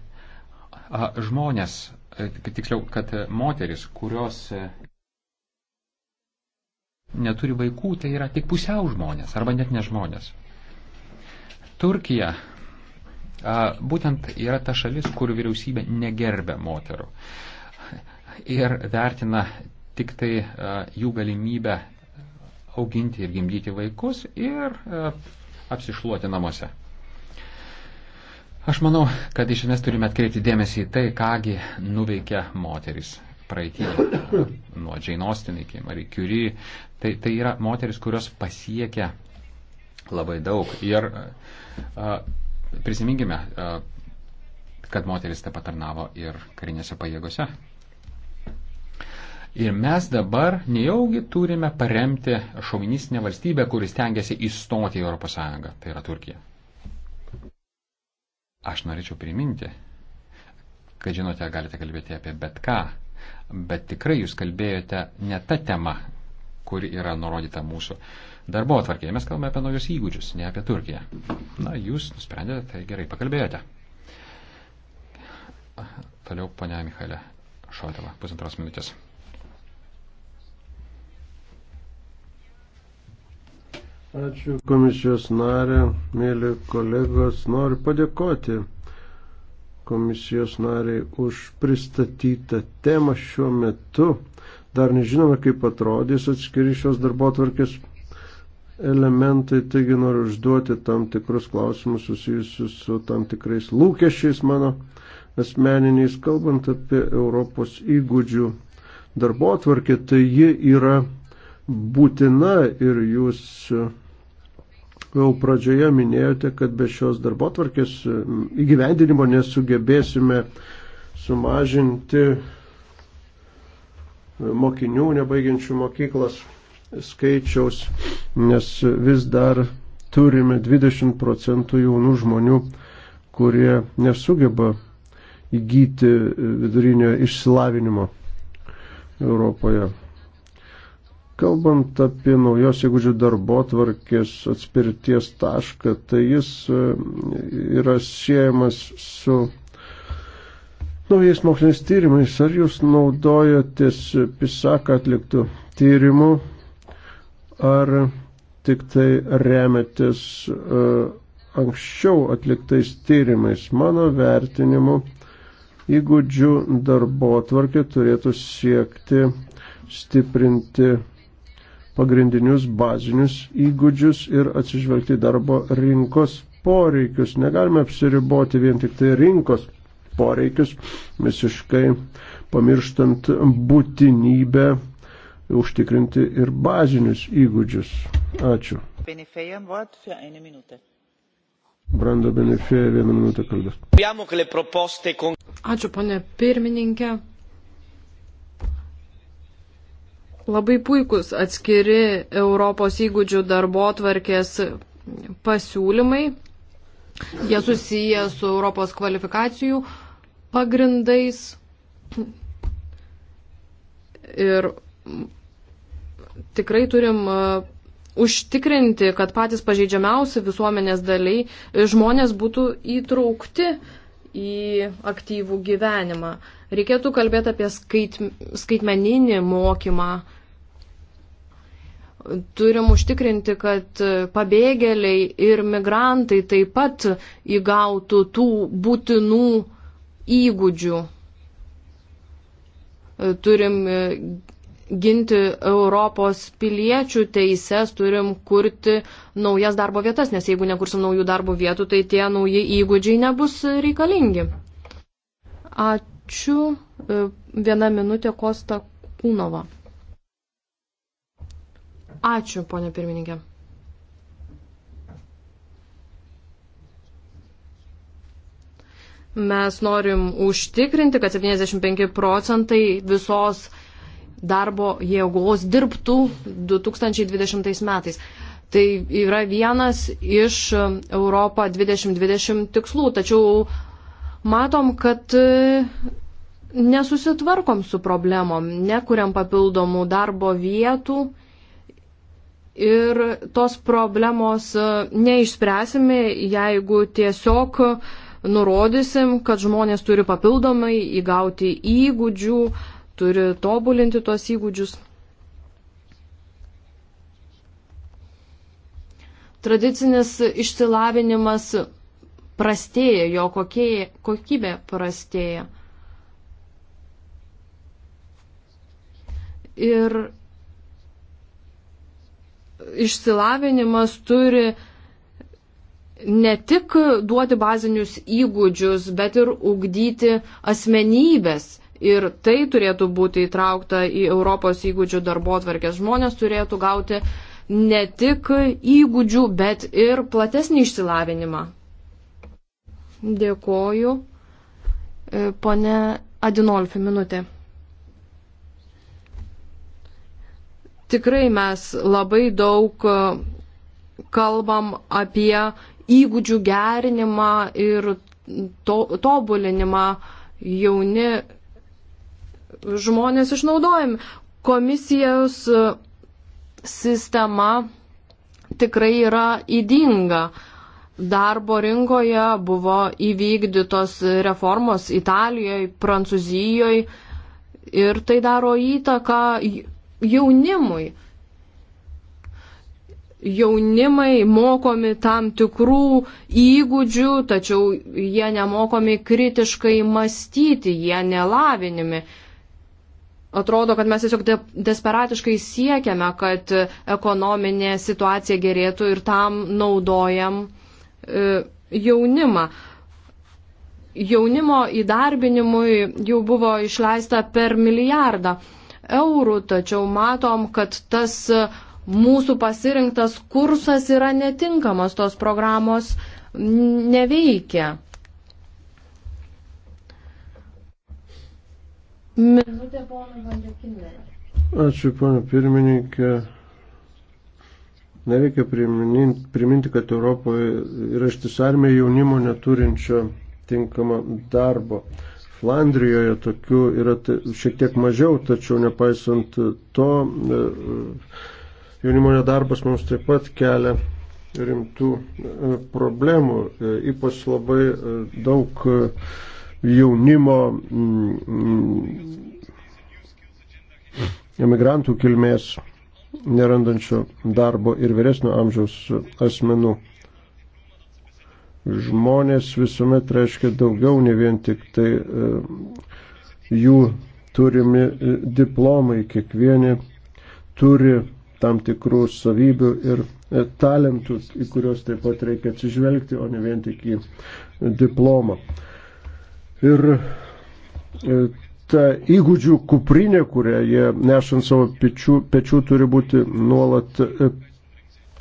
a, žmonės, a, e, tiksliau, kad moteris, kurios e, neturi vaikų, tai yra tik pusiau žmonės arba net ne žmonės. Turkija būtent yra ta šalis, kur vyriausybė negerbė moterų ir vertina tik tai jų galimybę auginti ir gimdyti vaikus ir apsišluoti namuose. Aš manau, kad iš esmės turime atkreipti dėmesį į tai, kągi nuveikia moteris praeitie, nuo Džainostin iki Marie Curie. Tai, tai yra moteris, kurios pasiekia labai daug. Ir uh, Prisiminkime, e, kad moteris taip patarnavo ir karinėse pajėgose. Ir mes dabar nejaugi turime paremti šovinistinę valstybę, kuris tengiasi įstoti į ES, tai yra Turkija. Aš norėčiau priminti, kad žinote, galite kalbėti apie bet ką, bet tikrai jūs kalbėjote ne tą temą, kuri yra nurodyta mūsų uh, darbo atvarkėje. Mes kalbame apie naujus įgūdžius, ne apie Turkiją. Na, jūs nusprendėte, tai gerai pakalbėjote. Toliau ponia Michalė Šotava, pusantros minutės. Ačiū komisijos narė, mėly kolegos. Noriu padėkoti komisijos nariai už pristatytą temą šiuo metu. Dar nežinome, kaip atrodys atskiri šios darbo tvarkės elementai, taigi noriu užduoti tam tikrus klausimus susijusius su tam tikrais lūkesčiais mano asmeniniais, kalbant apie Europos įgūdžių darbo atvarkė, tai ji yra būtina ir jūs jau pradžioje minėjote, kad be šios darbo atvarkės įgyvendinimo nesugebėsime sumažinti mokinių nebaigiančių mokyklas skaičiaus, nes vis dar turime 20 procentų jaunų žmonių, kurie nesugeba įgyti vidurinio išsilavinimo Europoje. Kalbant apie naujos įgūdžių darbo tvarkės atspirties tašką, tai jis e, yra siejamas su naujais moksliniais tyrimais. Ar jūs naudojatės PISAK atliktų tyrimų ar tik tai remiatės e, anksčiau atliktais tyrimais. Mano vertinimu, įgūdžių darbo tvarkė turėtų siekti stiprinti pagrindinius bazinius įgūdžius ir atsižvelgti darbo rinkos poreikius. Negalime apsiriboti vien tik tai rinkos poreikius, visiškai pamirštant būtinybę užtikrinti ir bazinius įgūdžius. Ačiū. Brando Benefėja vieną minutę kalbės. Ačiū, ponė pirmininkė. Labai puikus atskiri Europos įgūdžių darbo tvarkės pasiūlymai. Jie susiję su Europos kvalifikacijų pagrindais. Ir tikrai turim e, užtikrinti, kad patys pažeidžiamiausi visuomenės daliai e, žmonės būtų įtraukti į aktyvų gyvenimą. Reikėtų kalbėti apie skait, skaitmeninį mokymą. Turim užtikrinti, kad e, pabėgėliai ir migrantai taip pat įgautų tų būtinų įgūdžių. Turim ginti Europos piliečių teises, turim kurti naujas darbo vietas, nes jeigu nekursim naujų darbo vietų, tai tie nauji įgūdžiai nebus reikalingi. Ačiū. E, viena minutė Kosta Kūnova. Ačiū, ponė pirmininkė. Mes norim užtikrinti, kad 75 procentai visos darbo jėgos dirbtų 2020 metais. Tai yra vienas iš e, Europą 2020 tikslų, tačiau matom, kad e, nesusitvarkom su problemom, nekuriam papildomų darbo vietų ir tos problemos e, neišspręsime, jeigu tiesiog nurodysim, kad žmonės turi papildomai įgauti įgūdžių, turi tobulinti tuos įgūdžius. Tradicinis išsilavinimas prastėja, jo kokie, kokybė prastėja. Ir išsilavinimas turi ne tik duoti bazinius įgūdžius, bet ir ugdyti asmenybės Ir tai turėtų būti įtraukta į Europos įgūdžių darbo atvarkės. Žmonės turėtų gauti ne tik įgūdžių, bet ir platesnį išsilavinimą. Dėkoju. E, pone Adinolfi, minutė. Tikrai mes labai daug e, kalbam apie įgūdžių gerinimą ir to, tobulinimą jauni žmonės išnaudojami. Komisijos e, sistema tikrai yra įdinga. Darbo rinkoje buvo įvykdytos reformos Italijoje, Prancūzijoje ir tai daro įtaką jaunimui. Jaunimai mokomi tam tikrų įgūdžių, tačiau jie nemokomi kritiškai mąstyti, jie nelavinimi. Uh, atrodo, kad mes tiesiog de desperatiškai siekiame, kad ekonominė situacija gerėtų ir tam naudojam e, jaunimą. Jaunimo įdarbinimui jau buvo išleista per milijardą eurų, tačiau matom, kad tas mūsų pasirinktas kursas yra netinkamas, tos programos neveikia. Minutė ponui Vandekinai. Ačiū, ponė pirmininkė. Nereikia priminti, kad Europoje yra ištis armija jaunimo neturinčio tinkamo darbo. Flandrijoje tokių yra šiek tiek mažiau, tačiau nepaisant to, e, jaunimo nedarbas mums taip pat kelia rimtų e, problemų. E, ypač labai daug jaunimo mm, emigrantų kilmės nerandančio darbo ir vyresnio amžiaus asmenų. Žmonės visuomet reiškia daugiau, ne vien tik tai e, jų turimi e, diplomai, kiekvieni turi tam tikrų savybių ir e, talentų, į kuriuos taip pat reikia atsižvelgti, o ne vien tik į diplomą. Ir e, ta įgūdžių kuprinė, kurią jie nešant savo pečių, pečių turi būti nuolat e,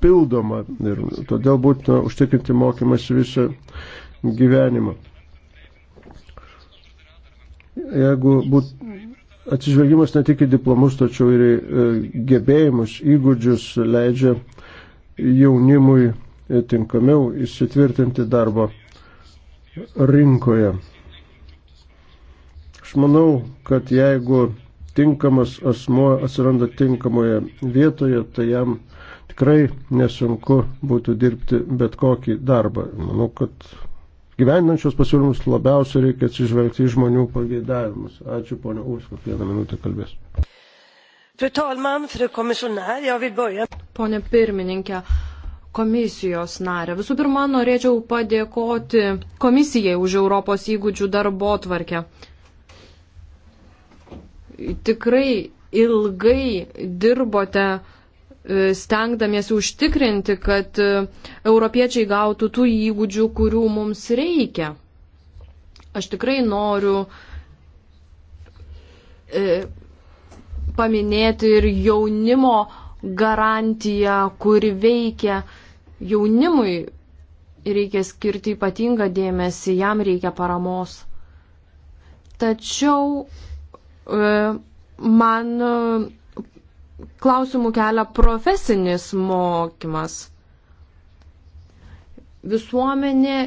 pildoma ir todėl būtina užtikrinti mokymas visą gyvenimą. Jeigu būtų atsižvelgimas ne tik į diplomus, tačiau ir į e, gebėjimus, įgūdžius leidžia jaunimui tinkamiau įsitvirtinti darbo rinkoje. Aš manau, kad jeigu tinkamas asmuo atsiranda tinkamoje vietoje, tai jam tikrai nesunku būtų dirbti bet kokį darbą. Manau, kad gyvenančios pasiūlymus labiausiai reikia atsižvelgti į žmonių pageidavimus. Ačiū, ponia Ursko, vieną minutę kalbės. Fru talman, fru komisionär, jag vill börja. Pone pirmininkė, komisijos narė. Visų pirma, norėčiau padėkoti komisijai už Europos įgūdžių darbo tvarkę tikrai ilgai dirbote e, stengdamiesi užtikrinti, kad e, europiečiai gautų tų įgūdžių, kurių mums reikia. Aš tikrai noriu e, paminėti ir jaunimo garantiją, kuri veikia jaunimui. Reikia skirti ypatingą dėmesį, jam reikia paramos. Tačiau E, man e, klausimų kelia profesinis mokymas. Visuomenė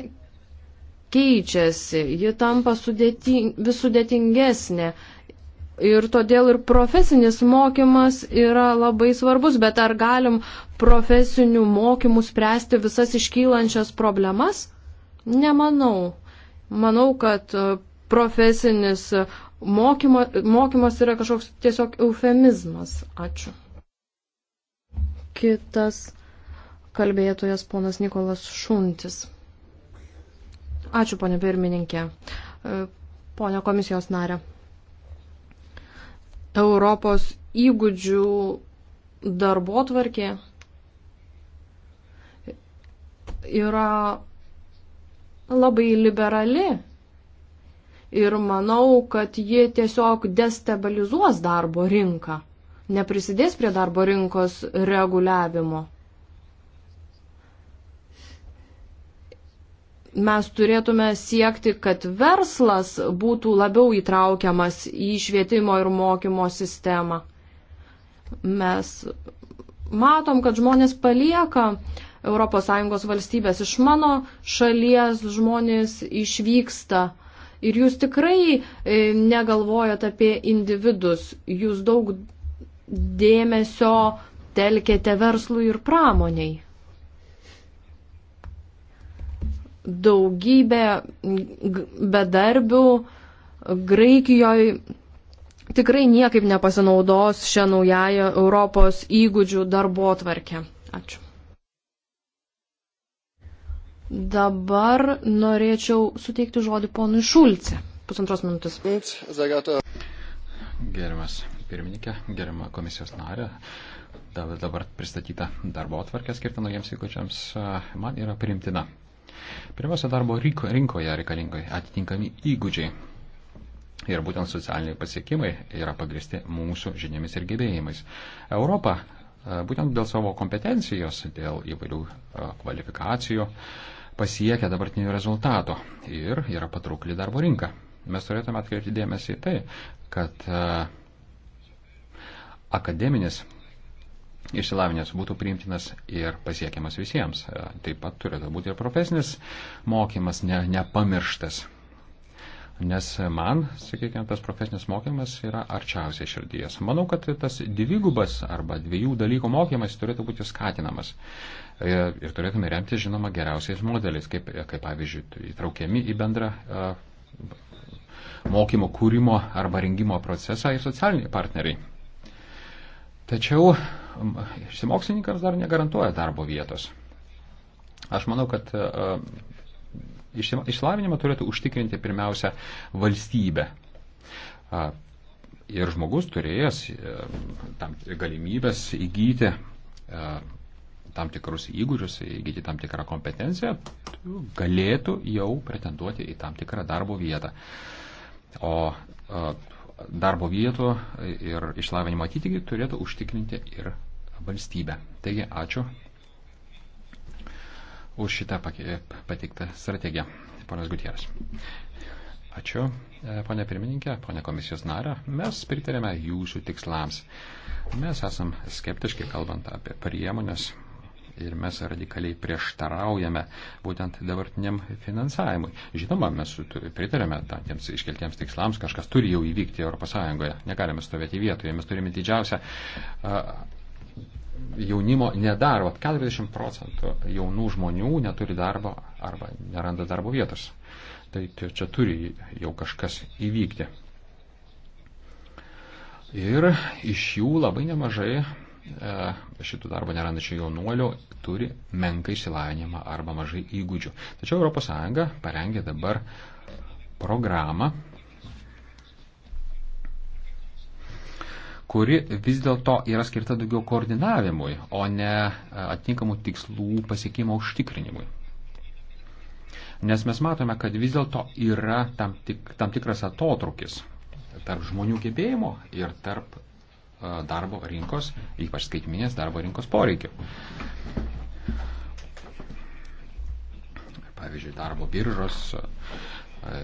keičiasi, ji tampa sudėting, vis sudėtingesnė. Ir todėl ir profesinis mokymas yra labai svarbus, bet ar galim profesinių mokymų spręsti visas iškylančias problemas? Nemanau. Manau, kad profesinis mokymo, mokymas yra kažkoks tiesiog eufemizmas. Ačiū. Kitas kalbėtojas ponas Nikolas Šuntis. Ačiū, ponė pirmininkė. E, Pone komisijos narė. Europos įgūdžių darbotvarkė yra labai liberali ir manau, kad ji tiesiog destabilizuos darbo rinką, neprisidės prie darbo rinkos reguliavimo. Mes turėtume siekti, kad verslas būtų labiau įtraukiamas į švietimo ir mokymo sistemą. Mes matom, kad žmonės palieka ES valstybės. Iš mano šalies žmonės išvyksta uh, Ir jūs tikrai e, negalvojat apie individus, jūs daug dėmesio telkėte verslui ir pramoniai. Daugybė bedarbių Graikijoje tikrai niekaip nepasinaudos šią naująją Europos įgūdžių darbo tvarkę. Ačiū. Dabar norėčiau suteikti žodį ponui Šulce. Pusantros minutės. Gerimas pirmininkė, gerima komisijos narė. Dabar pristatyta darbo atvarkė skirta naujiems įgūdžiams man yra priimtina. Pirmiausia, darbo rinkoje reikalingai atitinkami įgūdžiai. Ir būtent socialiniai pasiekimai yra pagristi mūsų žiniomis ir gebėjimais. Europa būtent dėl savo kompetencijos, dėl įvairių kvalifikacijų, uh, pasiekia dabartinių rezultato ir yra patraukli darbo rinka. Mes turėtume atkreipti dėmesį į tai, kad e, akademinis išsilavinęs būtų priimtinas ir pasiekiamas visiems. E, taip pat turėtų būti ir profesinis mokymas ne, nepamirštas. Nes man, sakykime, tas profesinis mokymas yra arčiausiai širdies. Manau, kad tas dvigubas arba dviejų dalykų mokymas turėtų būti skatinamas. E, ir turėtume remti, žinoma, geriausiais modeliais, kaip, kaip pavyzdžiui, įtraukiami į bendrą e, mokymo kūrimo arba rengimo procesą ir socialiniai partneriai. Tačiau išsimokslininkams dar negarantuoja darbo vietos. Aš manau, kad e, Išsilavinimą turėtų užtikrinti pirmiausia valstybė. Ir žmogus turėjęs e, tam galimybės įgyti e, tam tikrus įgūdžius, įgyti tam tikrą kompetenciją, galėtų jau pretenduoti į tam tikrą darbo vietą. O e, darbo vietų ir išlavinimo atitikį turėtų užtikrinti ir valstybė. Taigi, ačiū už šitą pateiktą strategiją. Ponas Gutieras. Ačiū, e, ponė pirmininkė, ponė komisijos narė. Mes pritarėme jūsų tikslams. Mes esam skeptiški kalbant apie priemonės ir mes radikaliai prieštaraujame būtent dabartiniam finansavimui. Žinoma, mes pritarėme tiems iškeltiems tikslams, kažkas turi jau įvykti ES, negalime stovėti vietoje, mes turime didžiausią jaunimo nedarbo. 40 procentų jaunų žmonių neturi darbo arba neranda darbo vietos. Tai čia turi jau kažkas įvykti. Ir iš jų labai nemažai e, šitų darbo nerandačių jaunuolių turi menkai išsilavinimą arba mažai įgūdžių. Tačiau ES parengė dabar programą kuri vis dėlto yra skirta daugiau koordinavimui, o ne e, atitinkamų tikslų pasiekimo užtikrinimui. Nes mes matome, kad vis dėlto yra tam, tik, tam tikras atotrukis tarp žmonių gebėjimo ir tarp e, darbo rinkos, ypač skaitminės darbo rinkos poreikių. Pavyzdžiui, darbo biržos e,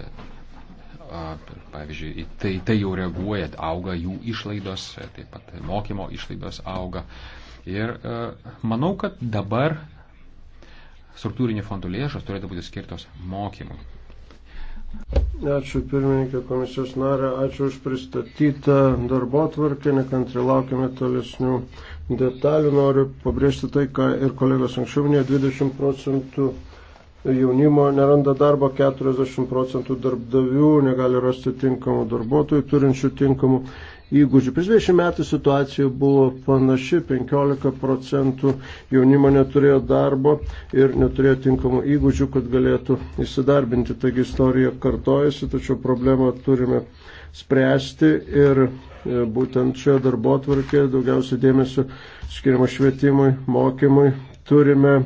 pavyzdžiui, tai, tai jau reaguoja, auga jų išlaidos, taip pat mokymo išlaidos auga. Ir e, manau, kad dabar struktūrinė fondų lėšos turėtų būti skirtos mokymui. Ačiū pirmininkė komisijos narė, ačiū už pristatytą darbo tvarkę, nekantri laukiame tolesnių detalių. Noriu pabrėžti tai, ką ir kolegos anksčiau minėjo, 20 procentų jaunimo neranda darbo, 40 procentų darbdavių negali rasti tinkamų darbuotojų, turinčių tinkamų įgūdžių. Prieš 20 metų situacija buvo panaši, 15 procentų jaunimo neturėjo darbo ir neturėjo tinkamų įgūdžių, kad galėtų įsidarbinti. Taigi istorija kartojasi, tačiau problemą turime spręsti ir e, būtent čia darbo tvarkė daugiausiai dėmesio skiriama švietimui, mokymui. Turime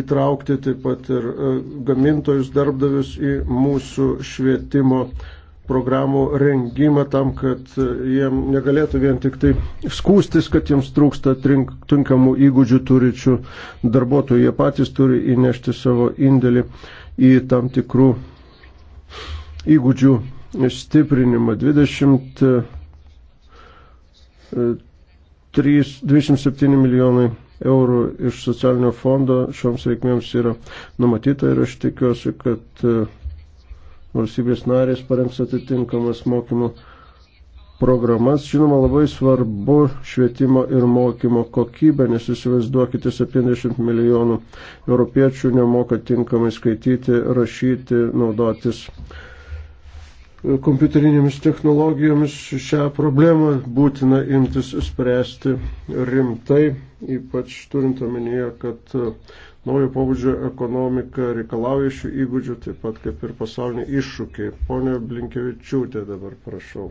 įtraukti taip pat ir e, gamintojus, darbdavius į mūsų švietimo programų rengimą tam, kad e, jiem negalėtų vien tik tai skūstis, kad jiems trūksta tinkamų įgūdžių turičių darbuotojų. Jie patys turi įnešti savo indėlį į tam tikrų įgūdžių stiprinimą. 20, 3, 27 milijonai eurų iš socialinio fondo šioms reikmėms yra numatyta ir aš tikiuosi, kad e, valstybės narės parengs atitinkamas mokymų programas. Žinoma, labai svarbu švietimo ir mokymo kokybė, nes įsivaizduokite, 70 milijonų europiečių nemoka tinkamai skaityti, rašyti, naudotis kompiuterinėmis technologijomis šią problemą būtina imtis spręsti rimtai, ypač turint omenyje, kad e, naujo pobūdžio ekonomika reikalauja šių įgūdžių, taip pat kaip ir pasauliniai iššūkiai. Pone Blinkevičiūtė dabar prašau.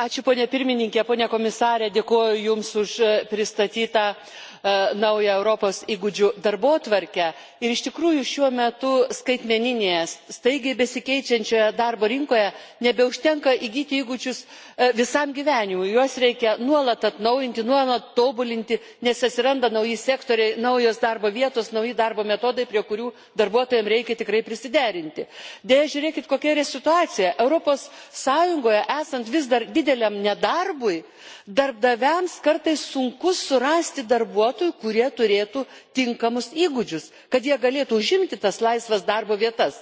Ačiū, ponė pirmininkė, ponė komisarė, dėkuoju Jums už e, pristatytą uh, E, naują europos įgūdžių darbotvarkę ir iš tikrųjų šiuo metu skaitmeninėje staigiai besikeičiančioje darbo rinkoje nebeužtenka įgyti įgūdžius e, visam gyvenimui juos reikia nuolat atnaujinti nuolat tobulinti nes atsiranda nauji sektoriai naujos darbo vietos nauji darbo metodai prie kurių darbuotojams reikia tikrai prisiderinti. deja žiūrėkit kokia yra situacija europos sąjungoje esant vis dar dideliam nedarbui darbdaviams kartais sunku surasti darbuotojų darbuotojų kurie turėtų tinkamus įgūdžius kad jie galėtų užimti tas laisvas darbo vietas.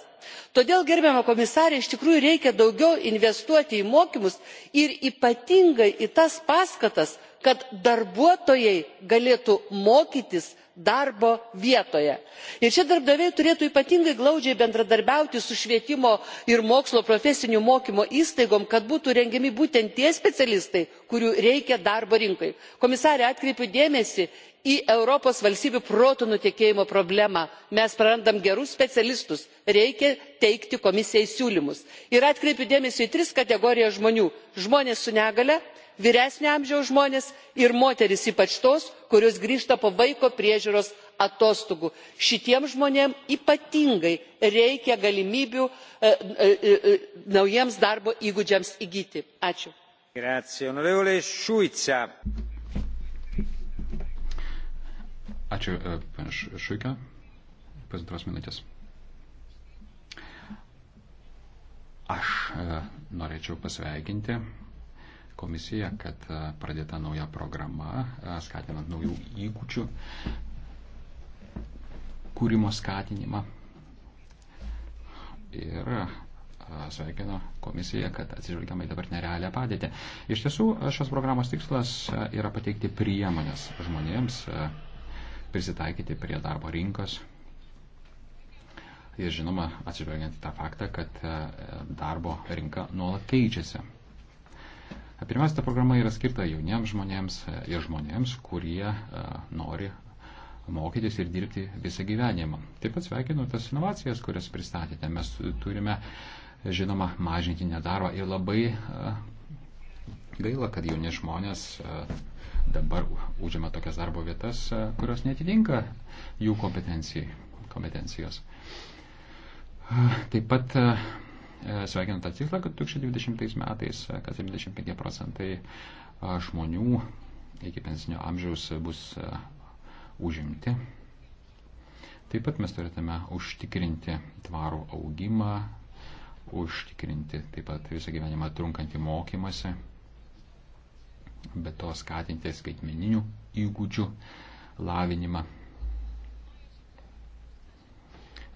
todėl gerbiama komisare iš tikrųjų reikia daugiau investuoti į mokymus ir ypatingai į tas paskatas kad darbuotojai galėtų mokytis darbo vietoje. ir čia darbdaviai turėtų ypatingai glaudžiai bendradarbiauti su švietimo ir mokslo profesinio mokymo įstaigom kad būtų rengiami būtent tie specialistai kurių reikia darbo rinkai. komisare atkreipiu dėmesį į europos valstybių protų nutekėjimo problemą mes prarandam gerus specialistus reikia teikti komisijai siūlymus. ir atkreipiu dėmesį į tris kategorijas žmonių žmones su negalia vyresnio amžiaus žmones ir moteris ypač tos kurios grįžta po vaiko priežiūros atostogų. šitiems žmonėms ypatingai reikia galimybių e, e, e, naujiems darbo įgūdžiams įgyti. Ačiū, e, pana Šuika. Pasantros minutės. Aš e, norėčiau pasveikinti komisiją, kad e, pradėta nauja programa, skatinant naujų įgūdžių kūrimo skatinimą. Ir sveikino komisiją, kad atsižvelgiamai dabar nerealią padėtį. Iš tiesų, šios programos tikslas yra pateikti priemonės žmonėms prisitaikyti prie darbo rinkos. Ir žinoma, atsižvelgiant į tą faktą, kad e, darbo rinka nuolat keičiasi. Pirmiausia, ta programa yra skirta jauniems žmonėms e, ir žmonėms, kurie e, nori mokytis ir dirbti visą gyvenimą. Taip pat sveikinu tas inovacijas, kurias pristatėte. Mes turime, žinoma, mažinti nedarbą ir labai gaila, kad jauni žmonės dabar užima tokias darbo vietas, e, kurios netitinka jų kompetencijos. *sighs* Taip pat e, e, sveikinant tą tikslą, kad 2020 metais, kad 75 procentai žmonių iki pensinio amžiaus bus užimti. Taip pat mes turėtume užtikrinti tvarų augimą, užtikrinti taip pat visą gyvenimą trunkantį mokymąsi bet to skatinti skaitmeninių įgūdžių lavinimą,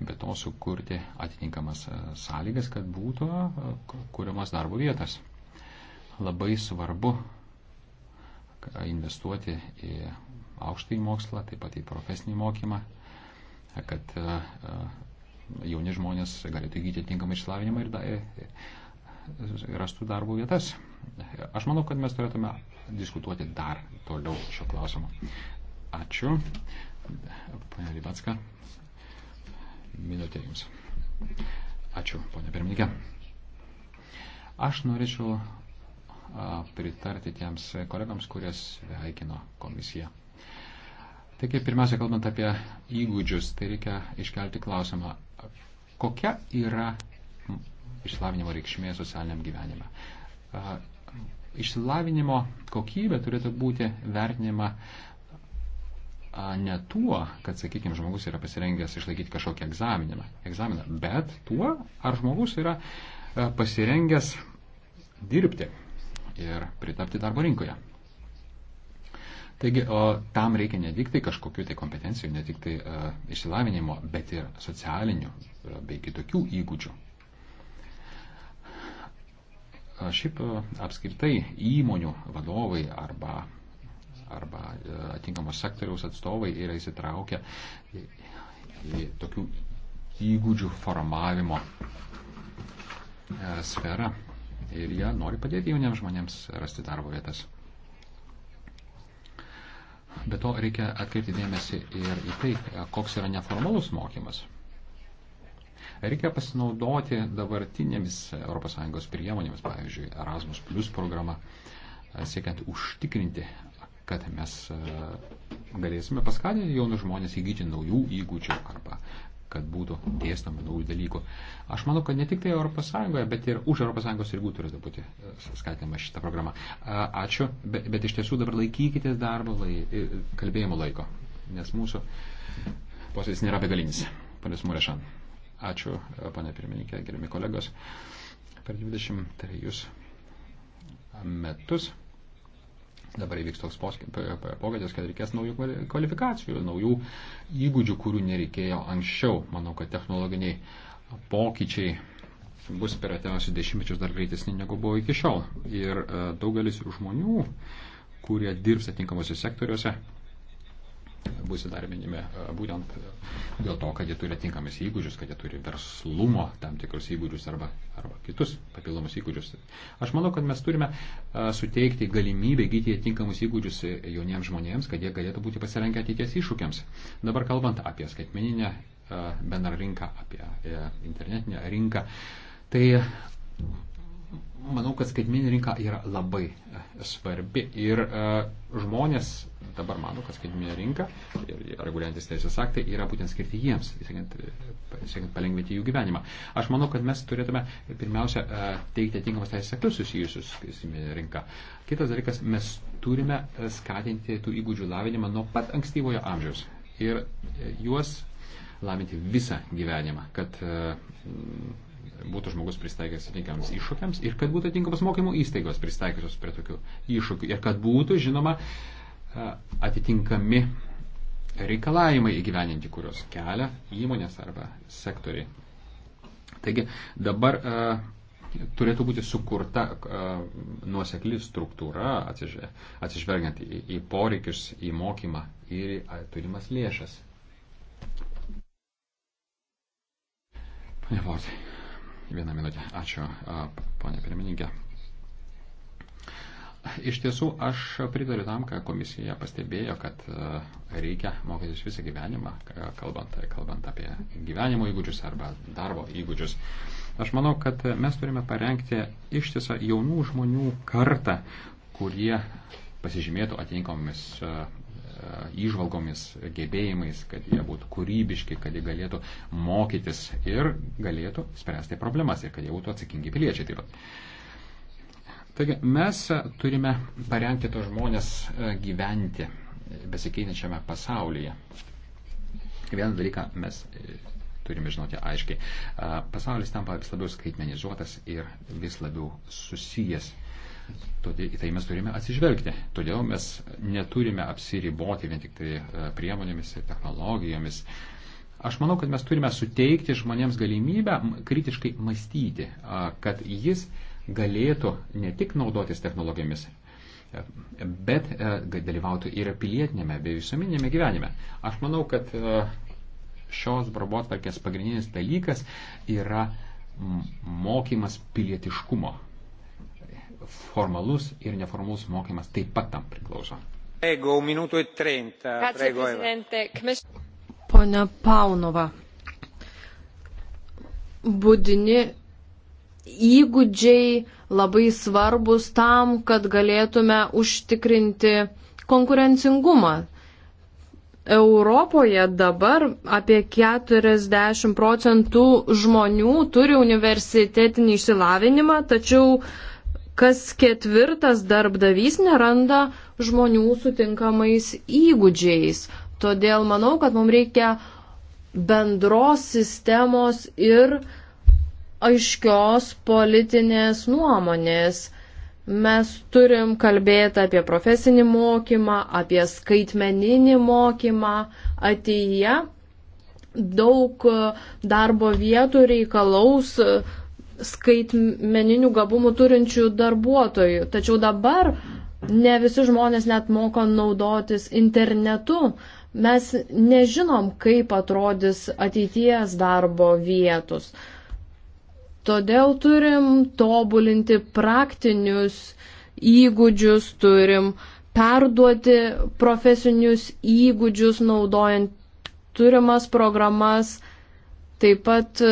bet to sukurti atitinkamas e, sąlygas, kad būtų e, kūriamas darbo vietas. Labai svarbu investuoti į aukštąjį mokslą, taip pat į profesinį mokymą, kad e, jauni žmonės galėtų įgyti tinkamą išslavinimą ir rastų darbo vietas. Aš manau, kad mes turėtume diskutuoti dar toliau šio klausimo. Ačiū. Pane Libacka, minutė jums. Ačiū, ponė pirmininkė. Aš norėčiau pritarti tiems kolegams, kurie sveikino komisiją. Taigi, pirmiausia, kalbant apie įgūdžius, tai reikia iškelti klausimą, kokia yra išlavinimo reikšmė socialiniam gyvenime išsilavinimo kokybė turėtų būti vertinima ne tuo, kad, sakykime, žmogus yra pasirengęs išlaikyti kažkokį egzaminą, egzaminą, bet tuo, ar žmogus yra pasirengęs dirbti ir pritapti darbo rinkoje. Taigi, o tam reikia ne tik tai kažkokių tai kompetencijų, ne tik tai uh, išsilavinimo, bet ir socialinių uh, bei kitokių įgūdžių. Šiaip e, apskritai įmonių vadovai arba, arba e, atinkamos sektoriaus atstovai yra įsitraukę į, į tokių įgūdžių formavimo e, sferą ir jie nori padėti jauniems žmonėms rasti darbo vietas. Be to reikia atkreipti dėmesį ir į tai, koks yra neformalus mokymas. Reikia pasinaudoti dabartinėmis ES priemonėmis, pavyzdžiui, Erasmus Plus programa, e, siekiant užtikrinti, kad mes e, galėsime paskatinti jaunus žmonės įgyti naujų įgūdžių arba kad būtų dėstoma naujų dalykų. Aš manau, kad ne tik tai ES, bet ir už ES ribų turėtų būti e, skatinama šita programa. Ačiū, bet, bet iš tiesų dabar laikykitės darbo, lai, kalbėjimo laiko, nes mūsų posėdis nėra begalinis. Panas Murešan. Ačiū, pane pirmininkė, gerimi kolegos. Per 23 metus dabar įvyks toks pogadis, kad reikės naujų kvalifikacijų, naujų įgūdžių, kurių nereikėjo anksčiau. Manau, kad technologiniai pokyčiai bus per atėjusius dešimtmečius dar greitesni negu buvo iki šiol. Ir e, daugelis žmonių, kurie dirbs atinkamosios sektoriuose, bus įdarbinimi e, būtent dėl to, kad jie turi atinkamus įgūdžius, kad jie turi verslumo tam tikrus įgūdžius arba, arba kitus papildomus įgūdžius. Aš manau, kad mes turime e, suteikti galimybę gyti atinkamus įgūdžius jauniems žmonėms, kad jie galėtų būti pasirengę ateities iššūkiams. Dabar kalbant apie skaitmeninę e, bendrą rinką, apie internetinę rinką, tai manau, kad skaitmeninė rinka yra labai e, svarbi ir e, žmonės dabar mano, kad skaitmeninė rinka ir reguliuojantis teisės aktai yra būtent skirti jiems, e, siekiant palengvinti jų gyvenimą. Aš manau, kad mes turėtume pirmiausia teikti atinkamus teisės aktus susijusius su skaitmeninė rinka. Kitas dalykas, mes turime skatinti tų įgūdžių lavinimą nuo pat ankstyvojo amžiaus ir juos lavinti visą gyvenimą, kad būtų žmogus pristaikęs atitinkamams iššūkiams ir kad būtų atitinkamos mokymo įstaigos pristaikęs prie tokių iššūkių ir kad būtų, žinoma, atitinkami reikalavimai įgyveninti, kurios kelia įmonės arba sektoriai. Taigi dabar a, turėtų būti sukurta a, nuosekli struktūra, atsiž, atsižvelgiant į, į poreikius, į mokymą ir a, turimas lėšas. Pane Vordai. Vieną minutę. Ačiū, ponė pirmininkė. Iš tiesų, aš pritariu tam, ką komisija pastebėjo, kad reikia mokytis visą gyvenimą, kalbant, kalbant apie gyvenimo įgūdžius arba darbo įgūdžius. Aš manau, kad mes turime parengti ištisą jaunų žmonių kartą, kurie pasižymėtų atinkamomis E, įžvalgomis, gebėjimais, kad jie būtų kūrybiški, kad jie galėtų mokytis ir galėtų spręsti problemas ir kad jie būtų atsakingi piliečiai taip pat. Taigi mes turime parengti tos žmonės e, gyventi besikeitinčiame pasaulyje. Vieną dalyką mes e, turime žinoti aiškiai. Pasaulis tampa vis labiau skaitmenizuotas ir vis labiau susijęs Todėl į tai mes turime atsižvelgti. Todėl mes neturime apsiriboti vien tik tai e, priemonėmis ir technologijomis. Aš manau, kad mes turime suteikti žmonėms galimybę kritiškai mąstyti, kad jis galėtų ne tik naudotis technologijomis, e, bet e, dalyvautų ir pilietinėme bei visuomeninėme gyvenime. Aš manau, kad šios darbotvarkės pagrindinis dalykas yra mokymas pilietiškumo formalus ir neformalus mokymas taip pat tam priklauso. Prego, un minuto e trenta. Grazie, Prego, Presidente. Pone Paunova, būdini įgūdžiai labai svarbus tam, kad galėtume užtikrinti konkurencingumą. Europoje dabar apie 40 procentų žmonių turi universitetinį išsilavinimą, tačiau kas ketvirtas darbdavys neranda žmonių sutinkamais įgūdžiais. Todėl manau, kad mums reikia bendros sistemos ir aiškios politinės nuomonės. Mes turim kalbėti apie profesinį mokymą, apie skaitmeninį mokymą ateityje. Daug darbo vietų reikalaus skaitmeninių gabumų turinčių darbuotojų. Tačiau dabar ne visi žmonės net moko naudotis internetu. Mes nežinom, kaip atrodys ateities darbo vietos. Todėl turim tobulinti praktinius įgūdžius, turim perduoti profesinius įgūdžius naudojant turimas programas, taip pat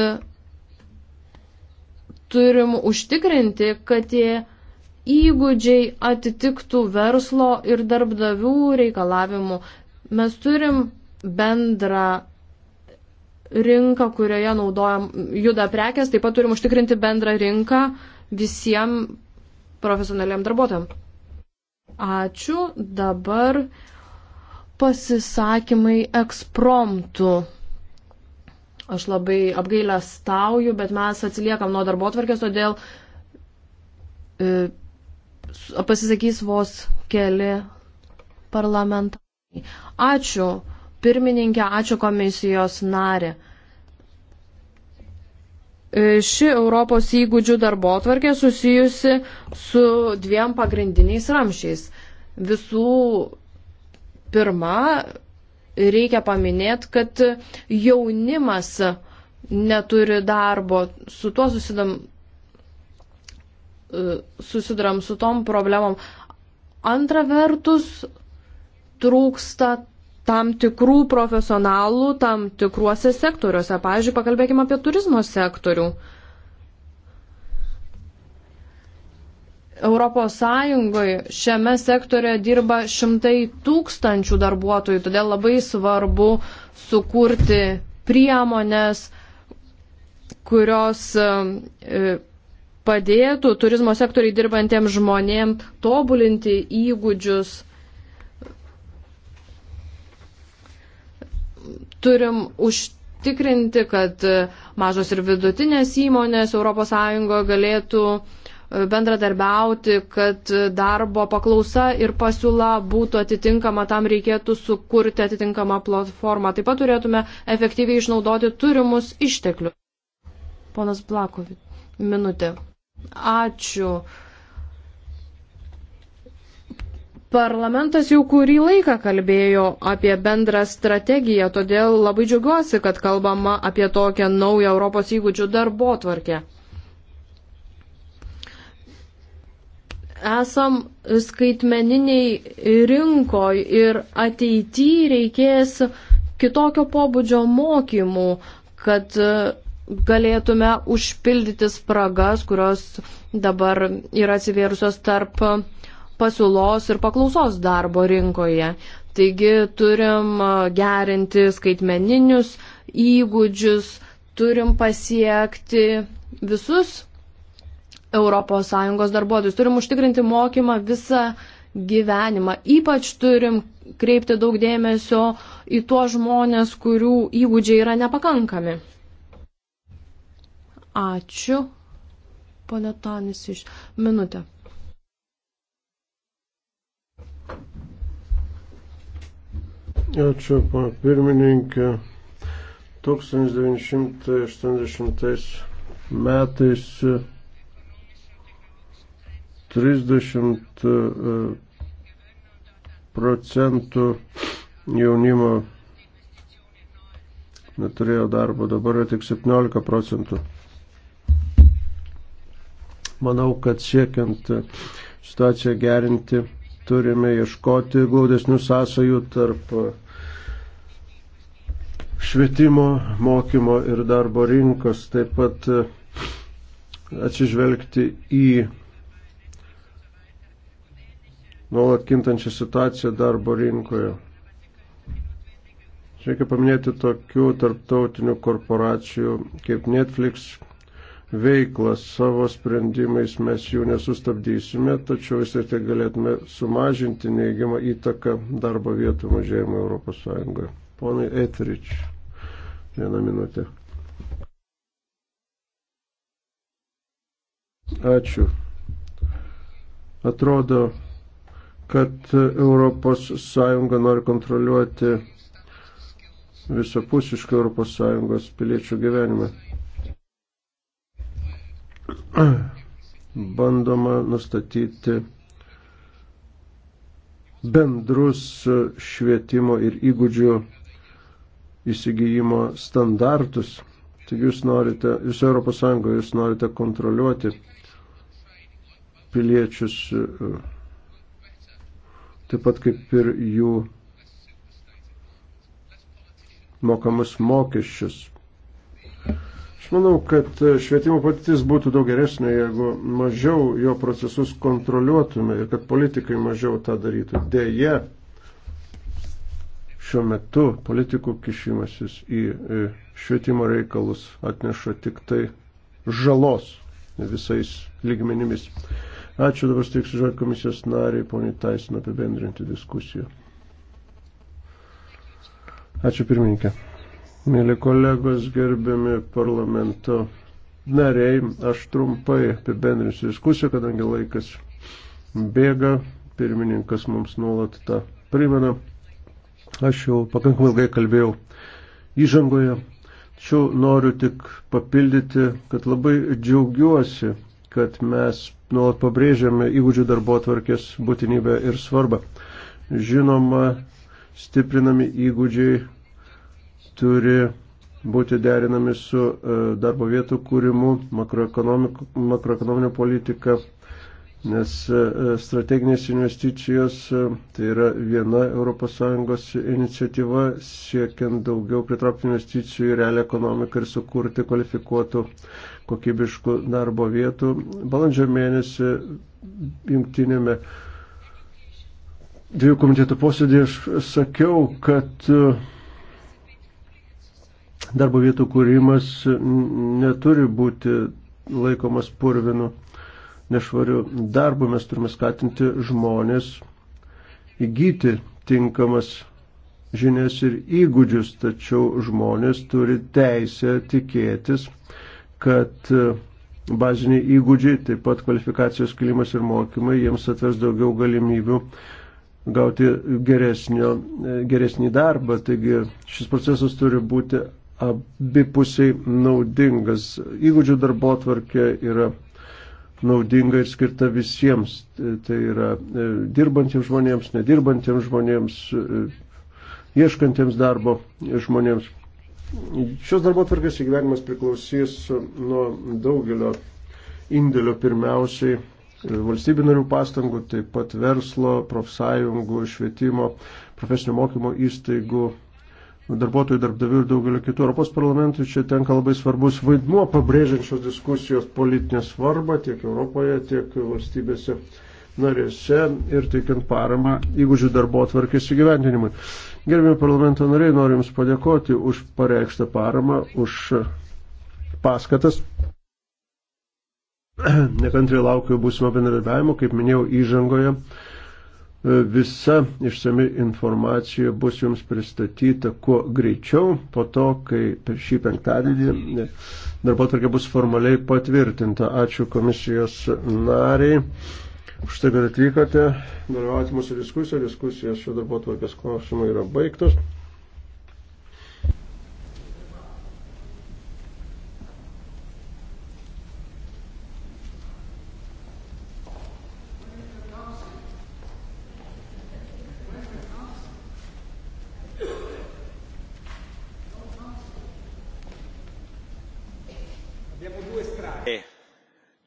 turim užtikrinti, kad tie įgūdžiai atitiktų verslo ir darbdavių reikalavimų. Mes turim bendrą rinką, kurioje naudojam juda prekes, taip pat turim užtikrinti bendrą rinką visiems profesionaliam darbuotojam. Ačiū. Dabar pasisakymai ekspromtų. Aš labai apgailę stauju, bet mes atsiliekam nuo darbo tvarkės, todėl e, pasisakys vos keli parlamentarai. Ačiū pirmininkė, ačiū komisijos narė. E, ši Europos įgūdžių darbo atvarkė susijusi su dviem pagrindiniais ramšiais. Visų pirma, reikia paminėti, kad jaunimas neturi darbo, su tuo susidam, e, susiduram su tom problemom. Antra vertus, trūksta tam tikrų profesionalų tam tikruose sektoriuose. Pavyzdžiui, pakalbėkime apie turizmo sektorių. Uh, Europos Sąjungoje šiame sektorėje dirba šimtai tūkstančių darbuotojų, todėl labai svarbu sukurti priemonės, kurios e, padėtų turizmo sektoriai dirbantiems žmonėms tobulinti įgūdžius. Turim užtikrinti, kad mažos ir vidutinės įmonės ES galėtų uh, bendradarbiauti, kad darbo paklausa ir pasiūla būtų atitinkama, tam reikėtų sukurti atitinkamą platformą. Taip pat turėtume efektyviai išnaudoti turimus išteklius. Ponas Plakovi, minutė. Ačiū. Parlamentas jau kurį laiką kalbėjo apie bendrą strategiją, todėl labai džiugiuosi, kad kalbama apie tokią naują Europos įgūdžių darbo tvarkę. esam skaitmeniniai rinkoj ir ateityje reikės kitokio pobūdžio mokymų, kad e, galėtume užpildyti spragas, kurios dabar yra atsivėrusios tarp pasiūlos ir paklausos darbo rinkoje. Taigi turim e, gerinti skaitmeninius įgūdžius, turim pasiekti visus ES darbuotojus. Turim užtikrinti mokymą visą gyvenimą. Ypač turim kreipti daug dėmesio į tuos žmonės, kurių įgūdžiai yra nepakankami. Ačiū. Pone Tanis iš minutę. Ačiū, pana pirmininkė. 1980 metais 30 e, procentų jaunimo neturėjo darbo, dabar yra tik 17 procentų. Manau, kad siekiant e, situaciją gerinti, turime ieškoti glaudesnių sąsajų tarp e, švietimo, mokymo ir darbo rinkos, taip pat atsižvelgti į nuolat kintančią situaciją darbo rinkoje. Reikia paminėti tokių tarptautinių korporacijų kaip Netflix veiklą. Savo sprendimais mes jų nesustabdysime, tačiau vis tik tai galėtume sumažinti neįgimą įtaką darbo vietų mažėjimą Europos Sąjungoje. Ponai Etrič, vieną minutę. Ačiū. Atrodo, kad ES nori kontroliuoti visapusišką ES piliečių gyvenimą. *clears throat* Bandoma nustatyti bendrus švietimo ir įgūdžių įsigijimo standartus. Taigi jūs norite, jūs Europos Sąjungoje, jūs norite kontroliuoti piliečius taip pat kaip ir jų mokamus mokesčius. Aš manau, kad švietimo patirtis būtų daug geresnė, jeigu mažiau jo procesus kontroliuotume ir kad politikai mažiau tą darytų. Deja, šiuo metu politikų kišimasis į švietimo reikalus atneša tik tai žalos visais lygmenimis. Ačiū dabar steiksiu žodį komisijos nariai, poniai Taisina, apibendrinti diskusiją. Ačiū pirmininkė. Mėly kolegos, gerbiami parlamento nariai, aš trumpai apibendrinsiu diskusiją, kadangi laikas bėga, pirmininkas mums nuolat tą primena. Aš jau pakankamai ilgai kalbėjau įžangoje, tačiau noriu tik papildyti, kad labai džiaugiuosi, kad mes nuolat pabrėžiame įgūdžių darbo atvarkės būtinybę ir svarbą. Žinoma, stiprinami įgūdžiai turi būti derinami su e, darbo vietų kūrimu, makroekonominė politika, nes e, e, strateginės investicijos tai yra viena ES iniciatyva siekiant daugiau pritraukti investicijų į realią ekonomiką ir sukurti kvalifikuotų kokybiškų darbo vietų. Balandžio mėnesį jungtinėme dviejų komitetų posėdėje aš sakiau, kad e, darbo vietų kūrimas neturi būti laikomas purvinu nešvariu darbu. Mes turime skatinti žmonės įgyti tinkamas žinias ir įgūdžius, tačiau žmonės turi teisę tikėtis, kad e, baziniai įgūdžiai, taip pat kvalifikacijos kilimas ir mokymai jiems atvers daugiau galimybių gauti geresnio, e, geresnį darbą. Taigi šis procesas turi būti abipusiai naudingas. Įgūdžių darbo tvarkė yra naudinga ir skirta visiems. Tai yra e, dirbantiems žmonėms, nedirbantiems žmonėms, ieškantiems darbo žmonėms. Šios darbo tvarkės įgyvenimas priklausys nuo daugelio indėlio pirmiausiai valstybinarių pastangų, taip pat verslo, profsąjungų, švietimo, profesinio mokymo įstaigų, darbuotojų, darbdavių ir daugelio kitų. Europos parlamentui čia tenka labai svarbus vaidmuo, pabrėžiančios diskusijos politinę svarbą tiek Europoje, tiek valstybėse narėse ir teikiant paramą įgūdžių darbo atvarkės įgyvendinimui. Gerbimi parlamento nariai, noriu Jums padėkoti už pareikštą paramą, už paskatas. *clears throat* Nekantriai laukiu būsimo bendradarbiavimo, kaip minėjau įžangoje. E, visa išsami informacija bus jums pristatyta kuo greičiau po to, kai per šį penktadienį darbo tarkia bus formaliai patvirtinta. Ačiū komisijos nariai už tai, kad atvykote dalyvauti mūsų diskusijoje. Diskusijos šio darbo tvarkės klausimai yra baigtos. Abbiamo due strade, eh,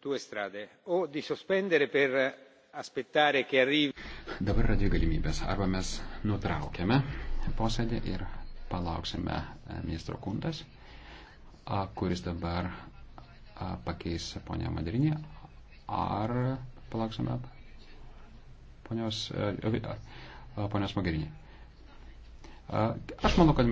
due strade, o di sospendere per Dabar yra dvi galimybės. Arba mes nutraukiame posėdį ir palauksime e, ministro kundas, kuris dabar pakeis ponę Madrinį, ar palauksime ponios, e, ponios Magarinį. Aš manau, kad